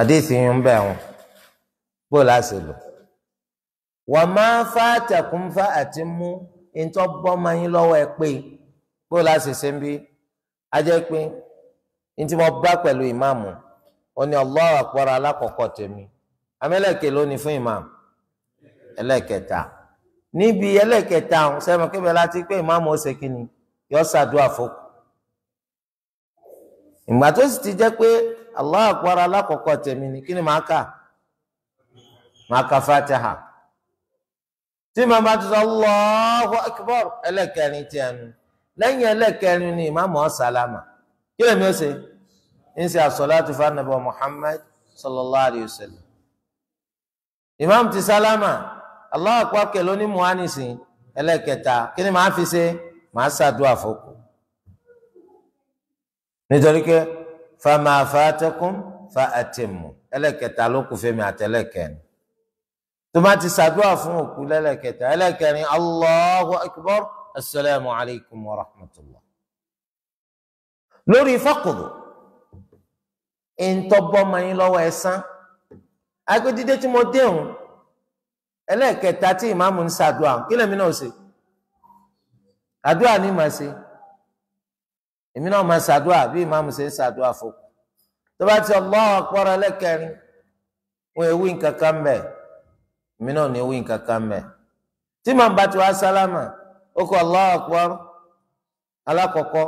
àdéhìí yín ń bẹ̀ wọn bó láṣẹ lò wà máa fa tẹkùnfà àti mú ntọ́ bọ́mọ yín lọ́wọ́ ẹ pé bó láṣẹ ṣe ń bí ajẹ́ pé ntí mo bá pẹ̀lú ìmáàmù ó ní Allahu akbar alákọ̀ọ́kọ́ tèmi amẹ́lẹ́kẹ̀ ló ní fún ìmáàmù ẹlẹ́kẹta níbi ẹlẹ́kẹta ọ̀hún láti pé ìmáàmù ó ṣe kínni yọ ṣàdúrà fún ìgbà tó sì ti jẹ́ pé Allahu Akbar alákọ̀ọ́kọ́ tèmi ni kí ni màá kà màá ka Fatiha tí màá bá ti sọ Allahu Akbar ẹlẹ́kẹrin tí ẹnu lẹ́yìn ẹlẹ́kẹrin ni ìmáàmù ọ̀sálámà kí lèmi ó ṣe ń ṣe as-salatu fa Nabi Muhammad sallallahu alayhi wa sallam ìmáàmù ti sálámà Allahu Akbar kẹlẹ́ onímọ̀ ánìsìn ẹlẹ́kẹta kí ni màá fi ṣe màá ṣàdúrà fọ́kù nítorí pé fama fatakum fa atimmu ẹlẹ́kẹta ló kù fẹ́mi àtẹlẹ́kẹrin tó bá ti ṣàdúrà fún òkú lẹ́lẹ́kẹta ẹlẹ́kẹrin allahu akbar asalaamu alaykum wa rahmatullah lórí faqdu ìǹtọ́bọ́mọ yín lọ́wọ́ ẹ san agbẹ́dídé tí mo déhùn ẹlẹ́kẹta tí ìmáàmù ń ṣàdúrà kí lèmi náà ṣe àdúrà ni màá ṣe. èmi náà máa ṣàdúrà bí ìmáàmù ṣe ń ṣàdúrà fòkù tó bá ti Allahu Akbar ẹlẹ́kẹrin wọn èwì nǹkan kan mẹ́ èmi náà ní èwì nǹkan kan mẹ́ tí màá bá ti wá sálámà ó kọ alákọ̀ọ́kọ́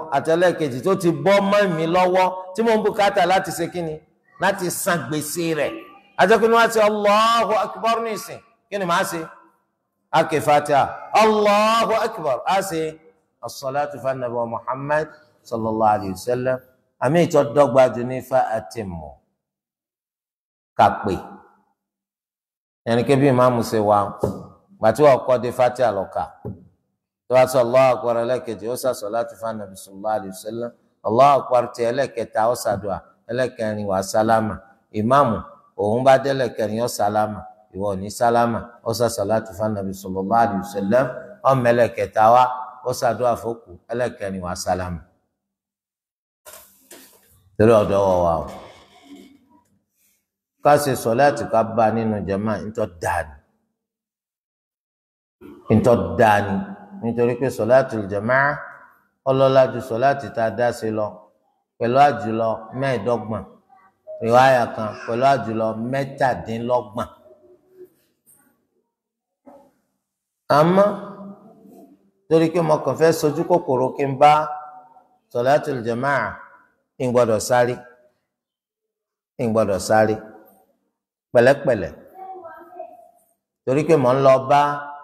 ti bọ́ mọ́ mi lọ́wọ́ tí mò ń bùkátà láti ṣe kíni láti san gbèsè rẹ̀ ti Allahu Akbar nìsín kí màá ṣe Muhammad. sallallahu alayhi wa sallam àmì ìtọ́ dọ́gba jù ní fa àti mọ̀ kàpè yẹnni kébí ìmáàmù ṣe wà gbàtí wọn kọ́ de fati àlọ́kà tó wá sọ Allahu akbar ẹlẹ́kẹ̀jì ó sàṣọ láti fa nàbì sallallahu alayhi wa sallam Allahu akbar ti ẹlẹ́kẹta ó sàdùà ẹlẹ́kẹrin wà sálámà ìmáàmù òun bá délẹ̀ kẹrin ó sálámà ìwọ ní sálámà ó sàṣọ láti fa nàbì sallallahu alayhi ọmọ ẹlẹ́kẹta wa ó sàdùà fókù ẹlẹ́kẹrin wà sálámà tẹ́lẹ̀ ọ̀dọ́ wọ̀ wá o ká ṣe sọ̀láàtì ká bá a nínú jàmá ńtọ́ dáni ńtọ́ dáni nítorí pé sọ̀láàtì jàmá ọlọ́lá ju sọ̀láàtì tá a dá sí lọ pẹ̀lú àjùlọ mẹ́ẹ̀ẹ́dọ́gbọ̀n rìwáyà kan pẹ̀lú àjùlọ mẹ́tàdínlọ́gbọ̀n. àmọ́ torí pé mo kàn fẹ́ sojú kòkòrò kí n bá sọ̀láàtì jàmá à. ń gbọ́dọ̀ sáré ń gbọ́dọ̀ sáré pẹ̀lẹ́pẹ̀lẹ́ torí pé mò ń lọ bá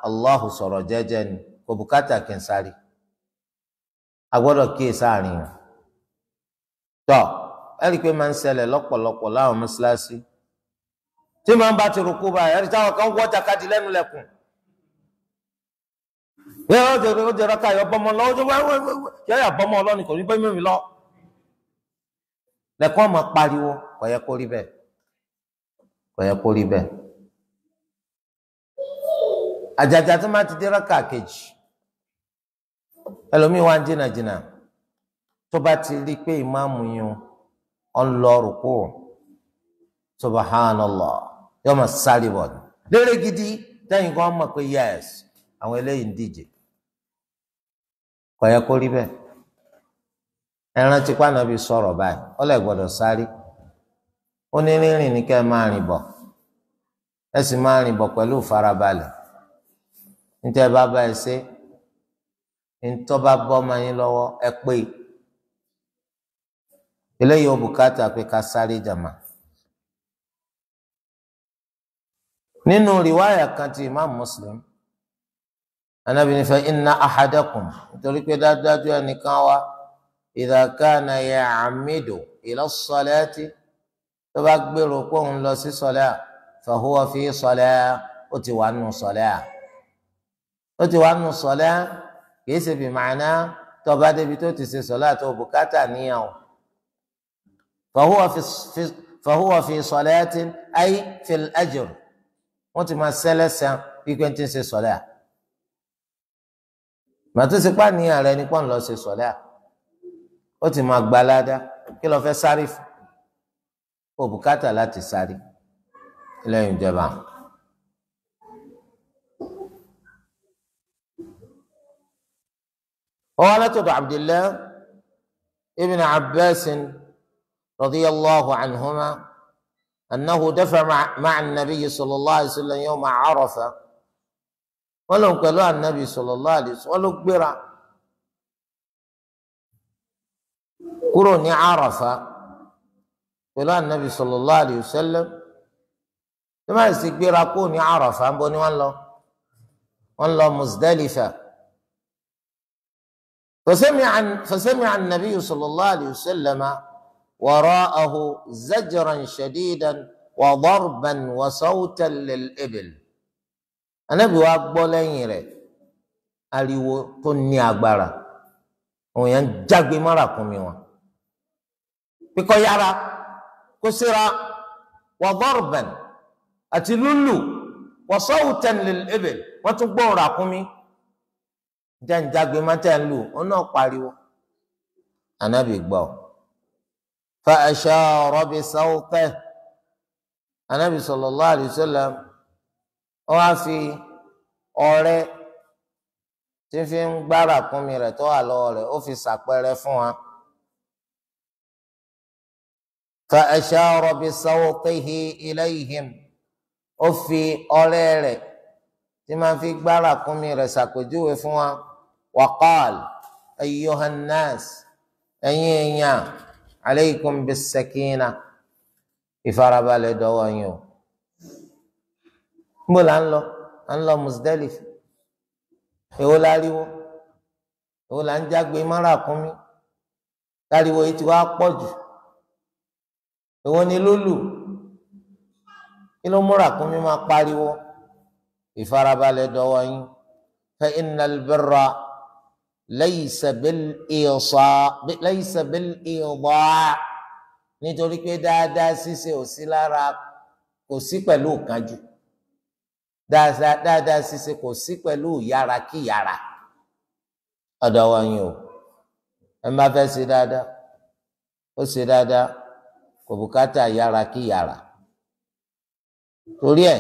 Allahu sọ̀rọ̀ jẹ́jẹ́ ni kò bùkátà kí n sáré a gbọ́dọ̀ kíyè sáàrin rẹ̀ tọ́ ẹ̀rí pé máa ń ṣẹlẹ̀ lọ́pọ̀lọpọ̀ láwọn mọ́ṣáláṣí tí màá bá ti rúkú báyìí ẹ̀rí táwọn kan wọ́ jàkadì lẹ́nu lẹ́kùn yẹ́n ó jẹ́ ó jẹ́ rọ́kà yọ bọ́mọ lọ yọ yà bọ́mọ lọ ni kò ní bẹ́ẹ̀ mímì lọ. lẹ́kọ́ ọmọ pariwo kò yẹ kó rí bẹ́ẹ̀ kò yẹ kó rí bẹ́ẹ̀. àjàjà tó máa ti dé rákà kejì ẹlòmíín wá ń jìnnàjìnnà tó bá ti rí i pé ìmáàmù yín ọ ń lọ rùkú subhanallah yóò máa sáré gidi tẹ́yìn kan mọ̀ pé yẹ́s àwọn eléyìí ń díje ẹran tí pa bi sọ̀rọ̀ báyìí ọlẹ gbọ́dọ̀ sáré ó ni rírìn ní kẹ́ máa rìn bọ̀ ẹ sì máa rìn bọ̀ pẹ̀lú farabalẹ̀ níta bá bá ẹ ṣe ntọ́ bá bọ́ ọmọ yín lọ́wọ́ ẹ pé eléyìí ó bùkátà pé ká sáré jàmá. nínú rìwáyà kan ti imam muslim anabi ní fa inna ahadakum nítorí pé dájúdájú ẹnìkan wá. idha kana ya'ammidu ila as-salati tó bá gbèrò pé òun lọ sí sọlá fahuwa fi sọlá ó ti wà nù sọlá ó ti wà nù sọlá kìí ṣe bí màánà tó bá débi tó ti ṣe sọlá tó bùkátà níyàwó fahuwa fi fahuwa fi salatin wọ́n ti máa sẹ́lẹ̀sán pípẹ́ tí ń ṣe sọlá màtó sípà níyàrá ẹni pọ́n lọ ṣe sọlá ó ti máa gba ládá kí ló fẹ́ sáré fún ó bùkátà láti sáré lẹ́yìn ìjọba. وعن عبد الله ابن عباس رضي الله عنهما أنه دفع مع النبي صلى الله عليه وسلم يوم عرفة ولو قالوا النبي صلى الله عليه وسلم ولو قبره kúrò ní àràfà pẹ̀lú anabi sallallahu alayhi wa sallam tó máa sì gbéra kúrò ní àràfà ń bọ̀ ni wọ́n lọ wọ́n lọ Muzdalifa fasami'a anabi sallallahu alayhi wa sallam wara'ahu zajran shadidan wa darban wa sawtan lil ibil anabi wa gbọ́ lẹ́yìn rẹ̀ ariwo tó ní agbára òun yẹn ń jágbe mọ́ra kún mi wọn kíkọ́ yára kó síra wa darban àti lúlù wa sawtan lil ibil wọ́n tún gbọ́ ọ̀rọ̀ àkúnmí jẹ́njàgbé mọ́tẹ́ ń lù ọ́n náà pariwo ànábì gbọ́ fa ashara bi sawtihi ànábì sallallahu alayhi wa sallam wọ́n á fi ọrẹ tí fi ń gbára àkúnmí rẹ̀ tó wà lọ́wọ́ rẹ̀ ó fi ṣàpẹẹrẹ fún wa. فأشار بصوته إليهم ó fi ọrẹ rẹ̀ tí máa fi gbára kúnmi rẹ̀ ṣàpèjúwe fún wa waqal ayyuhannas ẹ̀yin èèyàn aleikum bisakina ìfarabalẹ̀ dọ́wọ́ yín o níbo là ń lọ à ń lọ Muzdalifa èwo la ríwo èwo là ń jágbe mọ́ra kúnmi láriwo yìí ti wá pọ̀ jù ìwọ ni lólù kí ló múra kún mi máa pariwo ìfarabalẹ̀ dọwọ́ yín fa innal birra laysa bil iisa laysa bil iidaa nítorí pé dáadáa ṣíṣe ò sí lára kò sí pẹ̀lú ìkánjú dáadáa ṣíṣe kò sí pẹ̀lú yára kí yára ọ̀dọ̀ wọ̀nyí o ẹ má fẹ́ ṣe dáadáa ó ṣe dáadáa. òbùkátà yára kí yára torí ẹ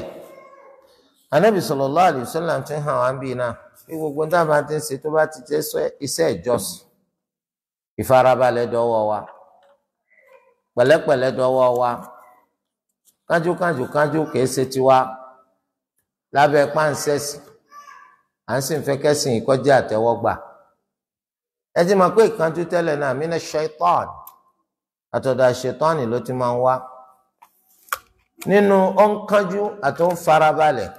anabi sallallahu alaihi wasallam ti hàn wá bí na bí gbogbo ti ń tó bá ti jẹ iṣẹ́ ìjọsìn wa pẹ̀lẹ́pẹ̀lẹ́ dọ́wọ́ wa kánjúkánjú kánjú tiwa lábẹ́ à ń ìkọjá ẹ ti pé àtọ̀dọ̀ àṣetọ́ni ló ti máa ń wá nínú ọ̀nkánjú àti ọ̀nfarabalẹ̀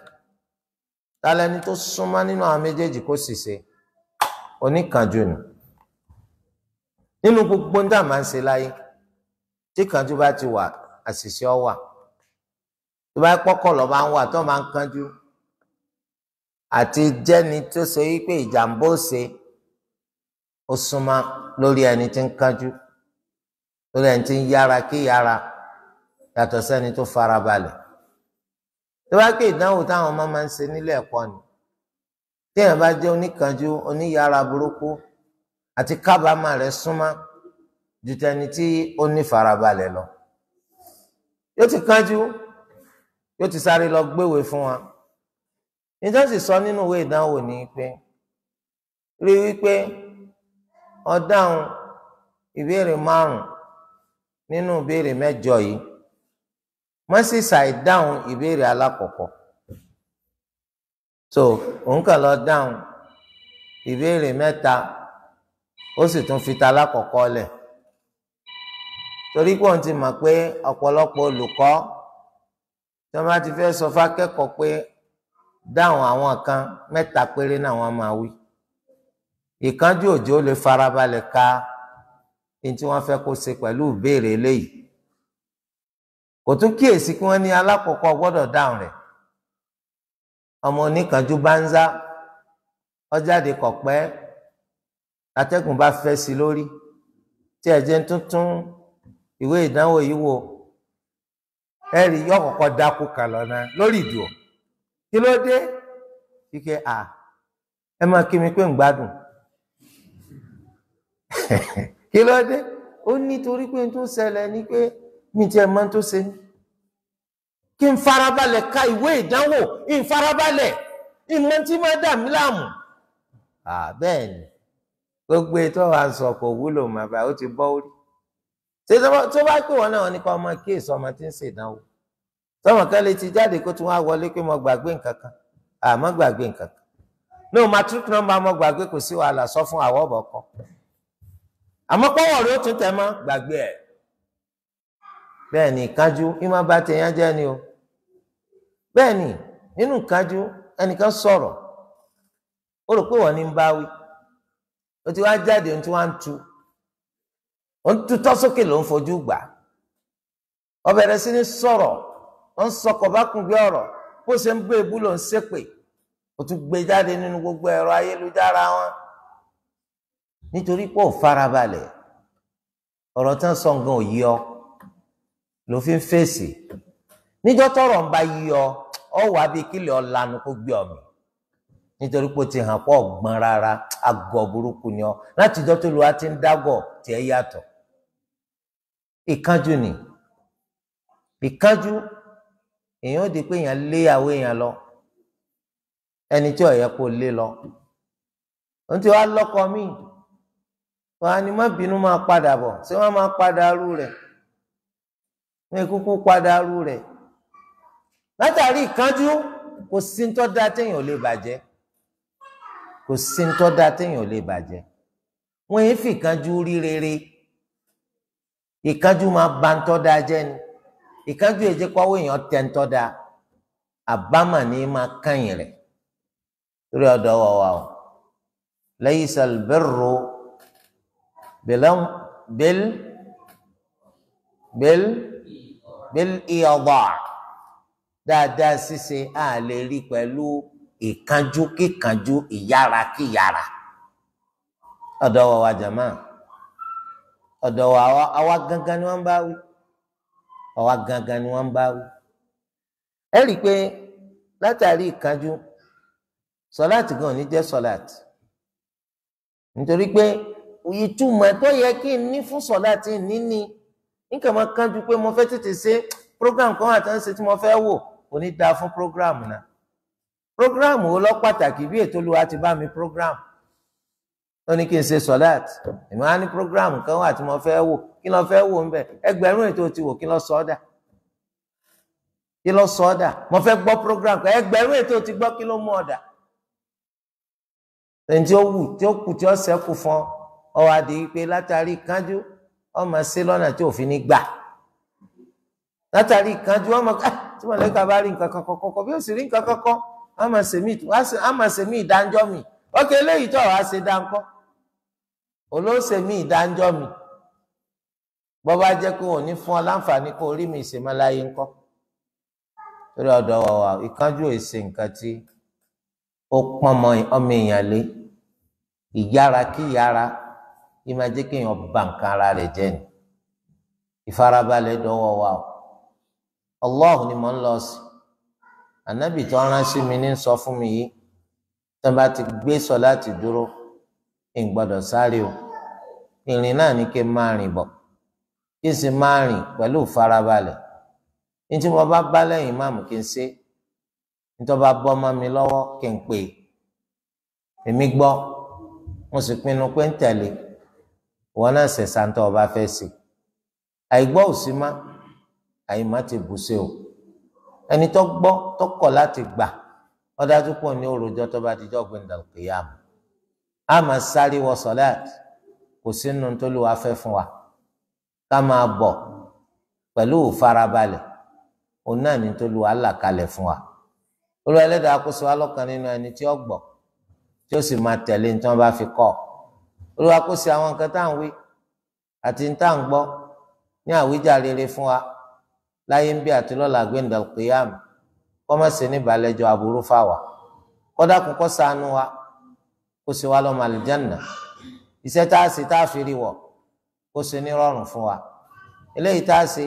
tálẹ́ni tó súnmọ́ nínú àwọn méjèèjì kó sì ṣe oníkánjú ni nínú gbogbo ń dà máa ń ṣe láyé tí kánjú bá ti wà àṣìṣe ọ wà tó bá pọ́kọ̀ lọ́ bá ń wà tó máa ń kánjú àti jẹ́ni tó ṣe wípé ìjàmbá ṣe ó súnmọ́ lórí ẹni tí ń kánjú torí ẹni tí ń yára kí yára yàtọ̀ sẹ́ni tó fara balẹ̀ tó bá ké ìdánwò táwọn ọmọ máa ń ṣe nílé ẹ̀kọ́ ni téèyàn bá jẹ́ oníkanjú oníyàrá burúkú àti kábàámà rẹ̀ súnmọ́ ju tẹni tí ó ní farabalẹ̀ lọ yóò ti kánjú yóò ti sáré lọ gbéwèé fún wa nítorí sọ nínú ìwé ìdánwò ni pé rí wípé ó ìbéèrè márùn nínú ìbéèrè mẹ́jọ yìí wọ́n sì ṣàì dáhùn ìbéèrè alákọ̀ọ́kọ́ so òun kàn lọ dáhùn ìbéèrè mẹ́ta ó sì tún fi ta alákọ̀ọ́kọ́ lẹ̀ torí pé òun ti mọ̀ pé ọ̀pọ̀lọpọ̀ olùkọ́ tí wọ́n bá ti fẹ́ sọ fákẹ́kọ̀ọ́ pé dáhùn àwọn kan mẹ́ta péré náà wọ́n máa wí ìkánjú òjò ka. ní tí wọ́n fẹ́ kó ṣe pẹ̀lú ìbéèrè eléyìí kò tún kíyèsí kí wọ́n ní alákọ̀ọ́kọ́ gbọ́dọ̀ dáhùn rẹ̀ ọmọ oníkanjú bánzá ọjáde kọ̀pẹ́ atẹ́gùn bá fẹ́ sí lórí tí ẹ̀jẹ̀ ń tuntun ìwé ìdánwò yìí wò ẹ̀rí yọ kọ̀kọ́ dákú kàlọ́ náà lórí ìdùọ̀ kí ló dé kíkẹ́ à ẹ máa kí mi pé ń gbádùn kí ló dé ó nítorí pé n tó ṣẹlẹ̀ ni pé mi tiẹ̀ mọ̀ tó ṣe kí n farabalẹ̀ ka ìwé ìdánwò n farabalẹ̀ ìmọ̀ tí máa dà mí láàmú. bẹ́ẹ̀ ni gbogbo ètò àṣọ kò wúlò màbá ó ti bọ́ orí ṣé tó bá pè wọ́n náà nípa ọmọ kíyèsí ọmọ tí ń ṣèdánwò tọmọ kan lè ti jáde kó tún wá wọlé pé mo gbàgbé nǹkan kan àmọ́ gbàgbé nǹkan kan no matric number mo gbàgbé kò sí wàhálà sọ fún àwọ̀ ọ̀bọ̀ kan àmọ́ pọ́wọ́ rẹ ó tún tẹ̀ mọ́ gbàgbé ẹ̀ bẹ́ẹ̀ ni ìkájú ìmọ̀ bá ni o bẹ́ẹ̀ ni nínú ìkájú ẹnìkan sọ̀rọ̀ ó rò pé wọ́n ní ń bá wí ó ti wá jáde ohun tí wọ́n á ń tu O ń tutọ́ sókè ló ń fojú gbà ó bẹ̀rẹ̀ sí ní sọ̀rọ̀ ó sọkọ̀ bá kún gbé ọ̀rọ̀ bó ṣe ń gbé ebú ló ń ṣépè ó tún gbé jáde nínú gbogbo ẹ̀rọ ayélujára wọn. nítorí pé ò farabalẹ̀ ọ̀rọ̀ tán sọ nǹkan ò yí ọ ló fi ń fèsì níjọ́ tọrọ ń bá ọ ọ wà bí kílẹ̀ ọ lanu kó gbé ọmọ nítorí pé ó ti hàn rárá ni ọ láti ìjọ́ tó lu wa ti ń dágọ̀ tí ẹ ìkánjú ni ìkánjú èèyàn ó di pé èèyàn èèyàn lọ ẹni tí lọ ohun tí wàá wọn á ní má bínú máa padà bọ̀ ṣé wọ́n máa padà arú rẹ̀ wọ́n kúkú padà arú rẹ̀ látàrí ìkánjú kò sí ń tọ́ da téèyàn ò lè bàjẹ́ kò sí ń tọ́ da téèyàn ò lè bàjẹ́ wọ́n yẹn fi ìkánjú rí rere ìkánjú máa ba ń tọ́ da jẹ́ ni ìkánjú èjẹ́ pàwọ́ èèyàn tẹ̀ ń tọ́ da àbámà ni máa kàn yín rẹ̀ torí ọ̀dọ̀ wọ̀ wà o laysal birru bilam bil bil bil ìyàwó dáadáa ṣíṣe a lè rí pẹ̀lú ìkanjú kíkanjú ìyára kíyára ọ̀dọ̀ wa wa jama ọ̀dọ̀ wa àwa gangan ni wọ́n bá wí àwa gangan ni wọ́n bá wí ẹ rí i pé látàrí ìkanjú gan ò ní jẹ́ sọláàtì nítorí ìtumọ̀ tó yẹ kí n ní fún sọ̀láàtì níní nǹkan máa kánjú pé mo fẹ́ tètè ṣe program kan àti ẹ̀ńṣe tí mo fẹ́ wò kò ní dáa fún program náà program wo lọ pàtàkì bí ètò olúwa ti bá mi program ó ní kí n ṣe sọ̀láàtì ìmọ̀ á ní program kan wà tí mo fẹ́ wò kí ló fẹ́ wò ń bẹ̀ ẹgbẹ̀rún ètò ti wò kí ló sọ kí ló sọ mo fẹ́ gbọ́ program kan ẹgbẹ̀rún ètò ti gbọ́ kí ló mú ọ ẹni tí ó wù tí ó kù tí ó ṣẹ́kù fún ọ ọwọ́ adìyí pé látàrí ọ ọmọ sí lọnà tí òfin ní gbà látàrí ìkánjú ọmọ ah, tí mọ̀lẹ́ka rí nǹkan kankan bí ó sì rí nǹkan kankan àmọ̀ sèmi mi ókè eléyìí tó olóṣèmí mi òní fún ọ láǹfààní kó orí mi ìṣèmọ́ láyé ńkọ́ torí ọ̀dọ̀ wàwà ìkánjú èsè nǹkan tí ó yìí máa jẹ́ kéèyàn ba nǹkan ara rẹ̀ jẹ́ ni ìfarabalẹ̀ dọ́wọ́ wa o Allah ni mò ń lọ sí ànábì tó rán sí mi ní sọ fún mi yìí tó bá ti gbé sọ láti dúró ń gbọ́dọ̀ sáré o ìrìn náà ní kí n máa rìn bọ̀ kí n sì máa rìn pẹ̀lú ìfarabalẹ̀ ní tí mo bá bá lẹ́yìn ìmáàmù kí n ṣe ní tó bá bọ́ mọ́ mi lọ́wọ́ kí n pè é èmi gbọ́ mo sì pinnu pé ń tẹ̀lé wọn náà ṣẹ̀ṣà ń tọ́ ọba fẹ́ sí àìgbọ́ òsì má àìmá ti bù ṣe o ẹni tó gbọ́ tó kọ̀ láti gbà wọ́n dájú pọ̀ ní òròjọ́ tó bá ti jọ́gbìn dàlùkìyàmù a máa sáré wọ sọ́láàtì kò sínú tó lù wá fẹ́ fún wa ká máa bọ̀ pẹ̀lú ìfarabalẹ̀ òun náà ní tó lù là kalẹ̀ fún wa olú kó sọ alọ́kan nínú ẹni tí ó gbọ́ tí ó sì máa tẹ̀lé ní bá fi kọ́ ọ olúwa kó ṣe àwọn nǹkan tá à ń wí àti tá à ń gbọ́ ní àwíjàrere fún wa láyé ń bí àti lọ́la gbẹ̀ndàlùkìyàm kọ́mọ̀sí ní balẹ̀jọ aburú fáwa kọ́dà kún kọ́ ṣàánú wa kó ṣe wá lọ́mọ àlìjánà iṣẹ́ tá a ṣe tá a fi rí wọ̀ kó ṣe ní rọrùn fún wa eléyìí tá a ṣe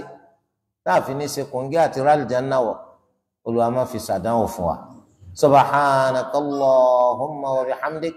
tá a fi ní ṣe kòǹgẹ́ àti rálìjánà wọ̀ olúwa má fi ṣàdánwò fún wa subhanakallahumma wa bihamdik.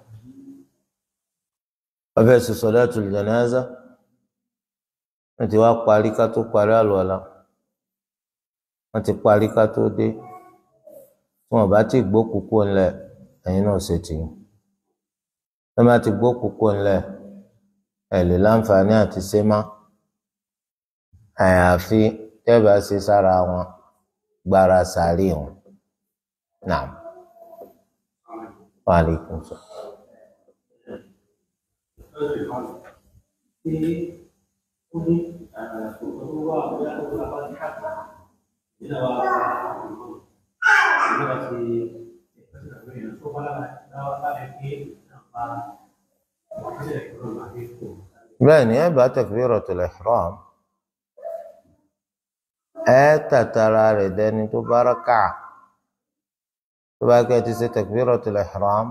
ọbẹ̀ ṣe solatul janaza wọ́n ti wá parí ká tó parí àlùwàlà wọ́n ti parí ká tó dé tí wọ́n bá ti gbókùkù ńlẹ̀ ẹ̀yin náà ṣe tì í wọ́n bá ti gbókùkù ńlẹ̀ ẹ̀ lè láǹfààní àti sẹ́mà àyàfi tẹ́ẹ̀bà ṣe sára wọn gbára sàárè wọn. Naam. Wa alaikum salaam. 喝水方面，第一，空军呃，组合通过国家通过帮你看看，你那个，你那个是。لأن يبقى تكبيرة الإحرام أتى ترى لدين تبارك تبارك تسي تكبيرة الإحرام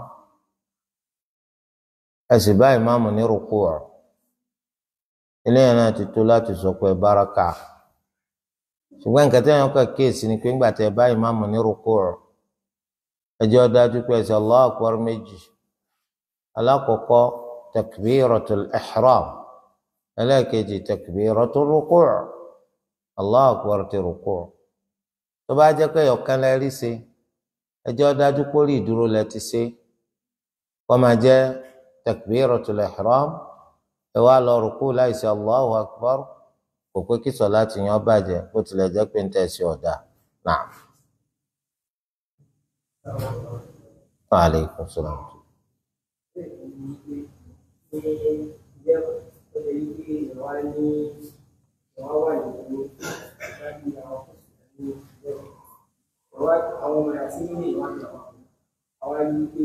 ẹ sì bá ìmáàmù ní rúkú ọ eléyìí náà ti tó láti sọ pé báraka ṣùgbọ́n nǹkan tẹ́yìn ọkọ̀ kíyèsí ni pé ńgbà tẹ́ bá ìmáàmù ní rúkú ọ ẹjọ́ dájú pé ẹsẹ̀ Allahu Akbar méjì alákọ̀ọ́kọ́ takbiratul ihram ẹlẹ́ẹ̀kejì takbiratul rúkú ọ Allahu Akbar ti rúkú ọ tó bá jẹ́ pé ọ̀kan lẹ́rí ṣe ẹjọ́ dájú pé orí ìdúró lẹ ti ṣe kọ́ jẹ́ takbiratul ihram ẹ wá lọ rúkú láìsí allahu akbar kò pé kí sọlá ti yan bàjẹ́ bó tilẹ̀ jẹ́ pé ń tẹ̀sí ọ̀dà náà. Aleykum salaam. Àwọn ọmọ àti ilé ìwádìí àwọn ẹni pé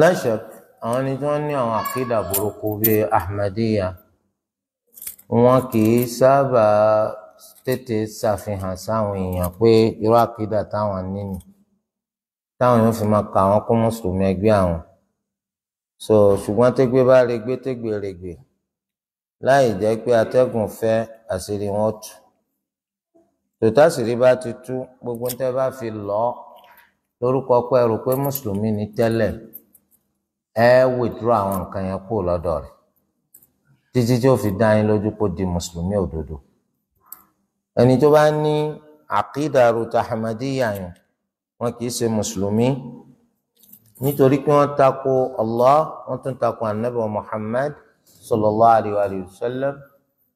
láṣẹ àwọn ẹni tí wọ́n ní àwọn àkídà burúkú bíi ahmadiyya wọn kì í sábà tètè ṣàfihàn sáwọn èèyàn pé irú àkídà táwọn nínú táwọn yóò fi máa kà àwọn kó mùsùlùmí ẹgbẹ́ àwọn so ṣùgbọ́n tẹ́gbẹ́ bá rẹgbẹ́ tẹ́gbẹ́ rẹgbẹ́ láì jẹ́ pé atẹ́gùn fẹ́ àṣírí wọn tù tòtásìrí bá ti tú gbogbo ń tẹ́ bá fi lọ́ọ́ lórúkọ pé ẹ rò pé mùsùlùmí ni tẹ́lẹ̀ ẹ withdraw àwọn nǹkan yẹn kúrò lọ́dọ̀ rẹ̀ títí tí ó fi dá yín lójú kó di mùsùlùmí òdodo ẹni tó bá ní àkídàrú tahamadíyà yẹn wọn kì í ṣe mùsùlùmí nítorí pé wọn tako Allah wọn tún tako anabi Muhammad sallallahu alayhi wa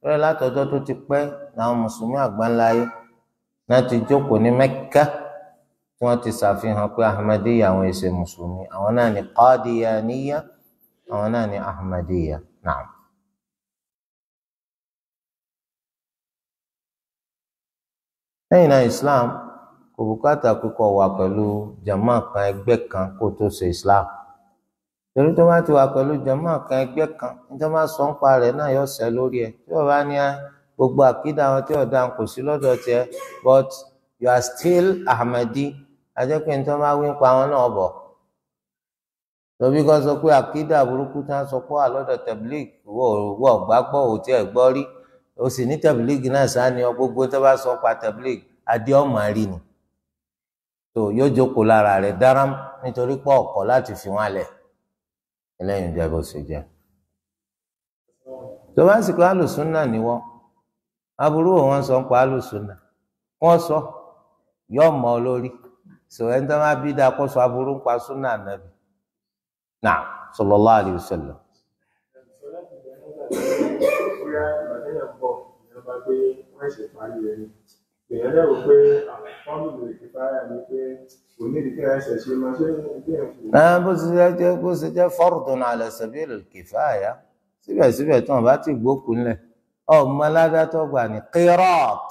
alayhi wa tó ti pẹ́ làwọn mùsùlùmí àgbáńláyé náà ti jókòó ní Mẹ́kà tí wọ́n ti ṣàfihàn pé ahmadiyya àwọn ẹsẹ mùsùlùmí àwọn náà ní qadiyaniyya àwọn náà ní ahmadiyya naam. lẹ́yìn náà islam kò bùkátà kíkọ́ wà pẹ̀lú jama kan ẹgbẹ́ kan kó tó ṣe islam torí tó bá ti wà pẹ̀lú jama kan ẹgbẹ́ kan níta máa sọ ń pa rẹ̀ náà yọ sẹ́ lórí ẹ̀ tí wọ́n ní ah, gbogbo àkídà àwọn tí ọ̀daràn kò sí lọ́dọ̀ tiẹ̀ but you are still ahmadi ajẹ́pẹ́ ní tí wọ́n bá wí ń pa wọn náà bọ̀ tòbí kan sọ pé àkídà burúkú tí wọ́n sọ pé àlọ́dọ̀ tẹ̀bílík wọ̀ gbàgbọ́ ò tí ẹ̀ gbọ́ rí o sì ní tẹ̀bílík náà sáni ọ gbogbo tó bá sọ pa tẹ̀bílík adé ọ̀mà rí ni tó yóò jókòó lára rẹ̀ dáram nítorí pé ọ̀kọ́ láti fi wọn lẹ̀ ẹlẹ́yìn ìjà bó ṣe jẹ́ tó bá sì pé alùsùn náà ni wọ́n aburú wọn sọ ń alùsùn náà wọ́n sọ yọ ọmọ olórí sọ ẹni tó máa bí dáa kó sọ aburú ń pa súnà nàbì náà sallallahu alaihi wasallam. èèyàn lẹ́rù pé fọ́ọ̀mù ìrètí báyà ni pé kò ní ìdíkẹ́ ẹsẹ̀ ṣe máa ṣe bí ẹ̀kọ́. jẹ́ bó ti jẹ́ fardun ala sabil al-kifaya síbẹ̀síbẹ̀ tí bá ti gbókun lẹ̀ ọmọ aládàá tó gbà ní qirat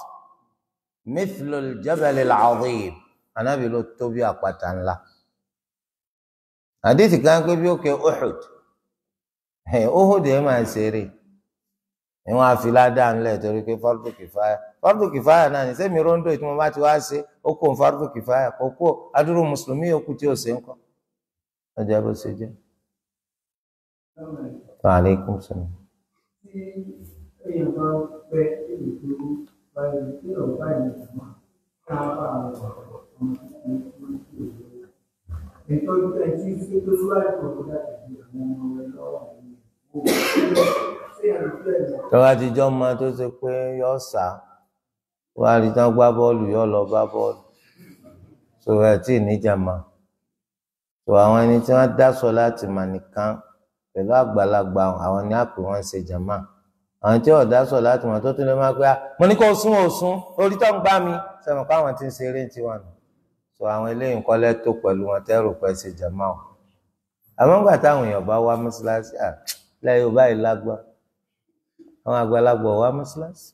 mithlul jabal al anábì ló tó bí àpáta ńlá àdéhìí kan pé bí òkè Uhud Uhud yẹn máa ṣeré ìwọn àfiláda ńlẹ torí pé fardu kìfáyà fardu kìfáyà náà ní sẹmi rondo tí wọn bá ti wá ṣe ó kó fardu kìfáyà kó kó adúrú mùsùlùmí yòókù tí ó ṣe ń kọ ọjà bó ṣe jẹ. Entonces, allí se lugar por la tó bá ti jọ máa tó ṣe pé yọ sá wá rí tán gbá bọ́ọ̀lù yọ lọ bá bọ́ọ̀lù tó ẹ tí ì níjàmá tó àwọn ẹni tí wọ́n dá sọ láti mà nìkan pẹ̀lú àgbàlagbà àwọn ni àpè wọn ṣe jàmá àwọn tí ọ̀dá sọ láti mà tó tún lè má pé ah, mo ní kó sún òsún orí tó ń gbá mi sẹ́wọ̀n pé àwọn ti ń ṣeré tiwọn nù so àwọn eléyìí nǹkan lẹ́tọ̀ pẹ̀lú wọn tẹ́rù pẹ́ ṣe jàmá o àmọ́ ńgbà táwọn èèyàn bá wá mọ́ṣáláṣí à lẹ́yìn yorùbá yìí lágbá àwọn àgbàlagbà wá mọ́ṣáláṣí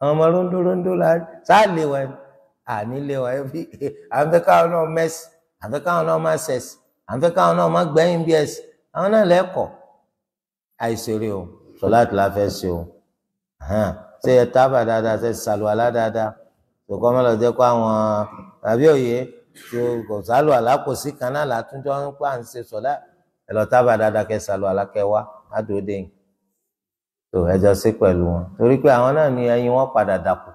àwọn ọmọ rondo rondo la sáà lè wá àní lè wá bí àwọn fẹ́ káwọn náà mẹ́sì àwọn fẹ́ káwọn náà má sẹ̀sì àwọn fẹ́ káwọn náà má gbẹ́yìn bí ẹ̀sì àwọn náà lẹ́kọ̀ọ́ àìsèré o sọláàtì la fẹ́ ṣe o ṣe ẹ tábà dáadáa ṣe ṣàlùwàlá dáadáa ṣùgbọ́n mọ́lọ́dé kó àwọn àbí òye tó gọ̀sálù alákòsí kan náà látúnjọ́ ń pa ń ṣe sọ̀lá ẹ lọ tábà dáadáa kẹ sàlù alákẹwà ádùúdẹ̀yìn tó ẹjọ́ sí pẹ̀lú wọn torí pé àwọn náà ni ẹyin wọn padà dàpọ̀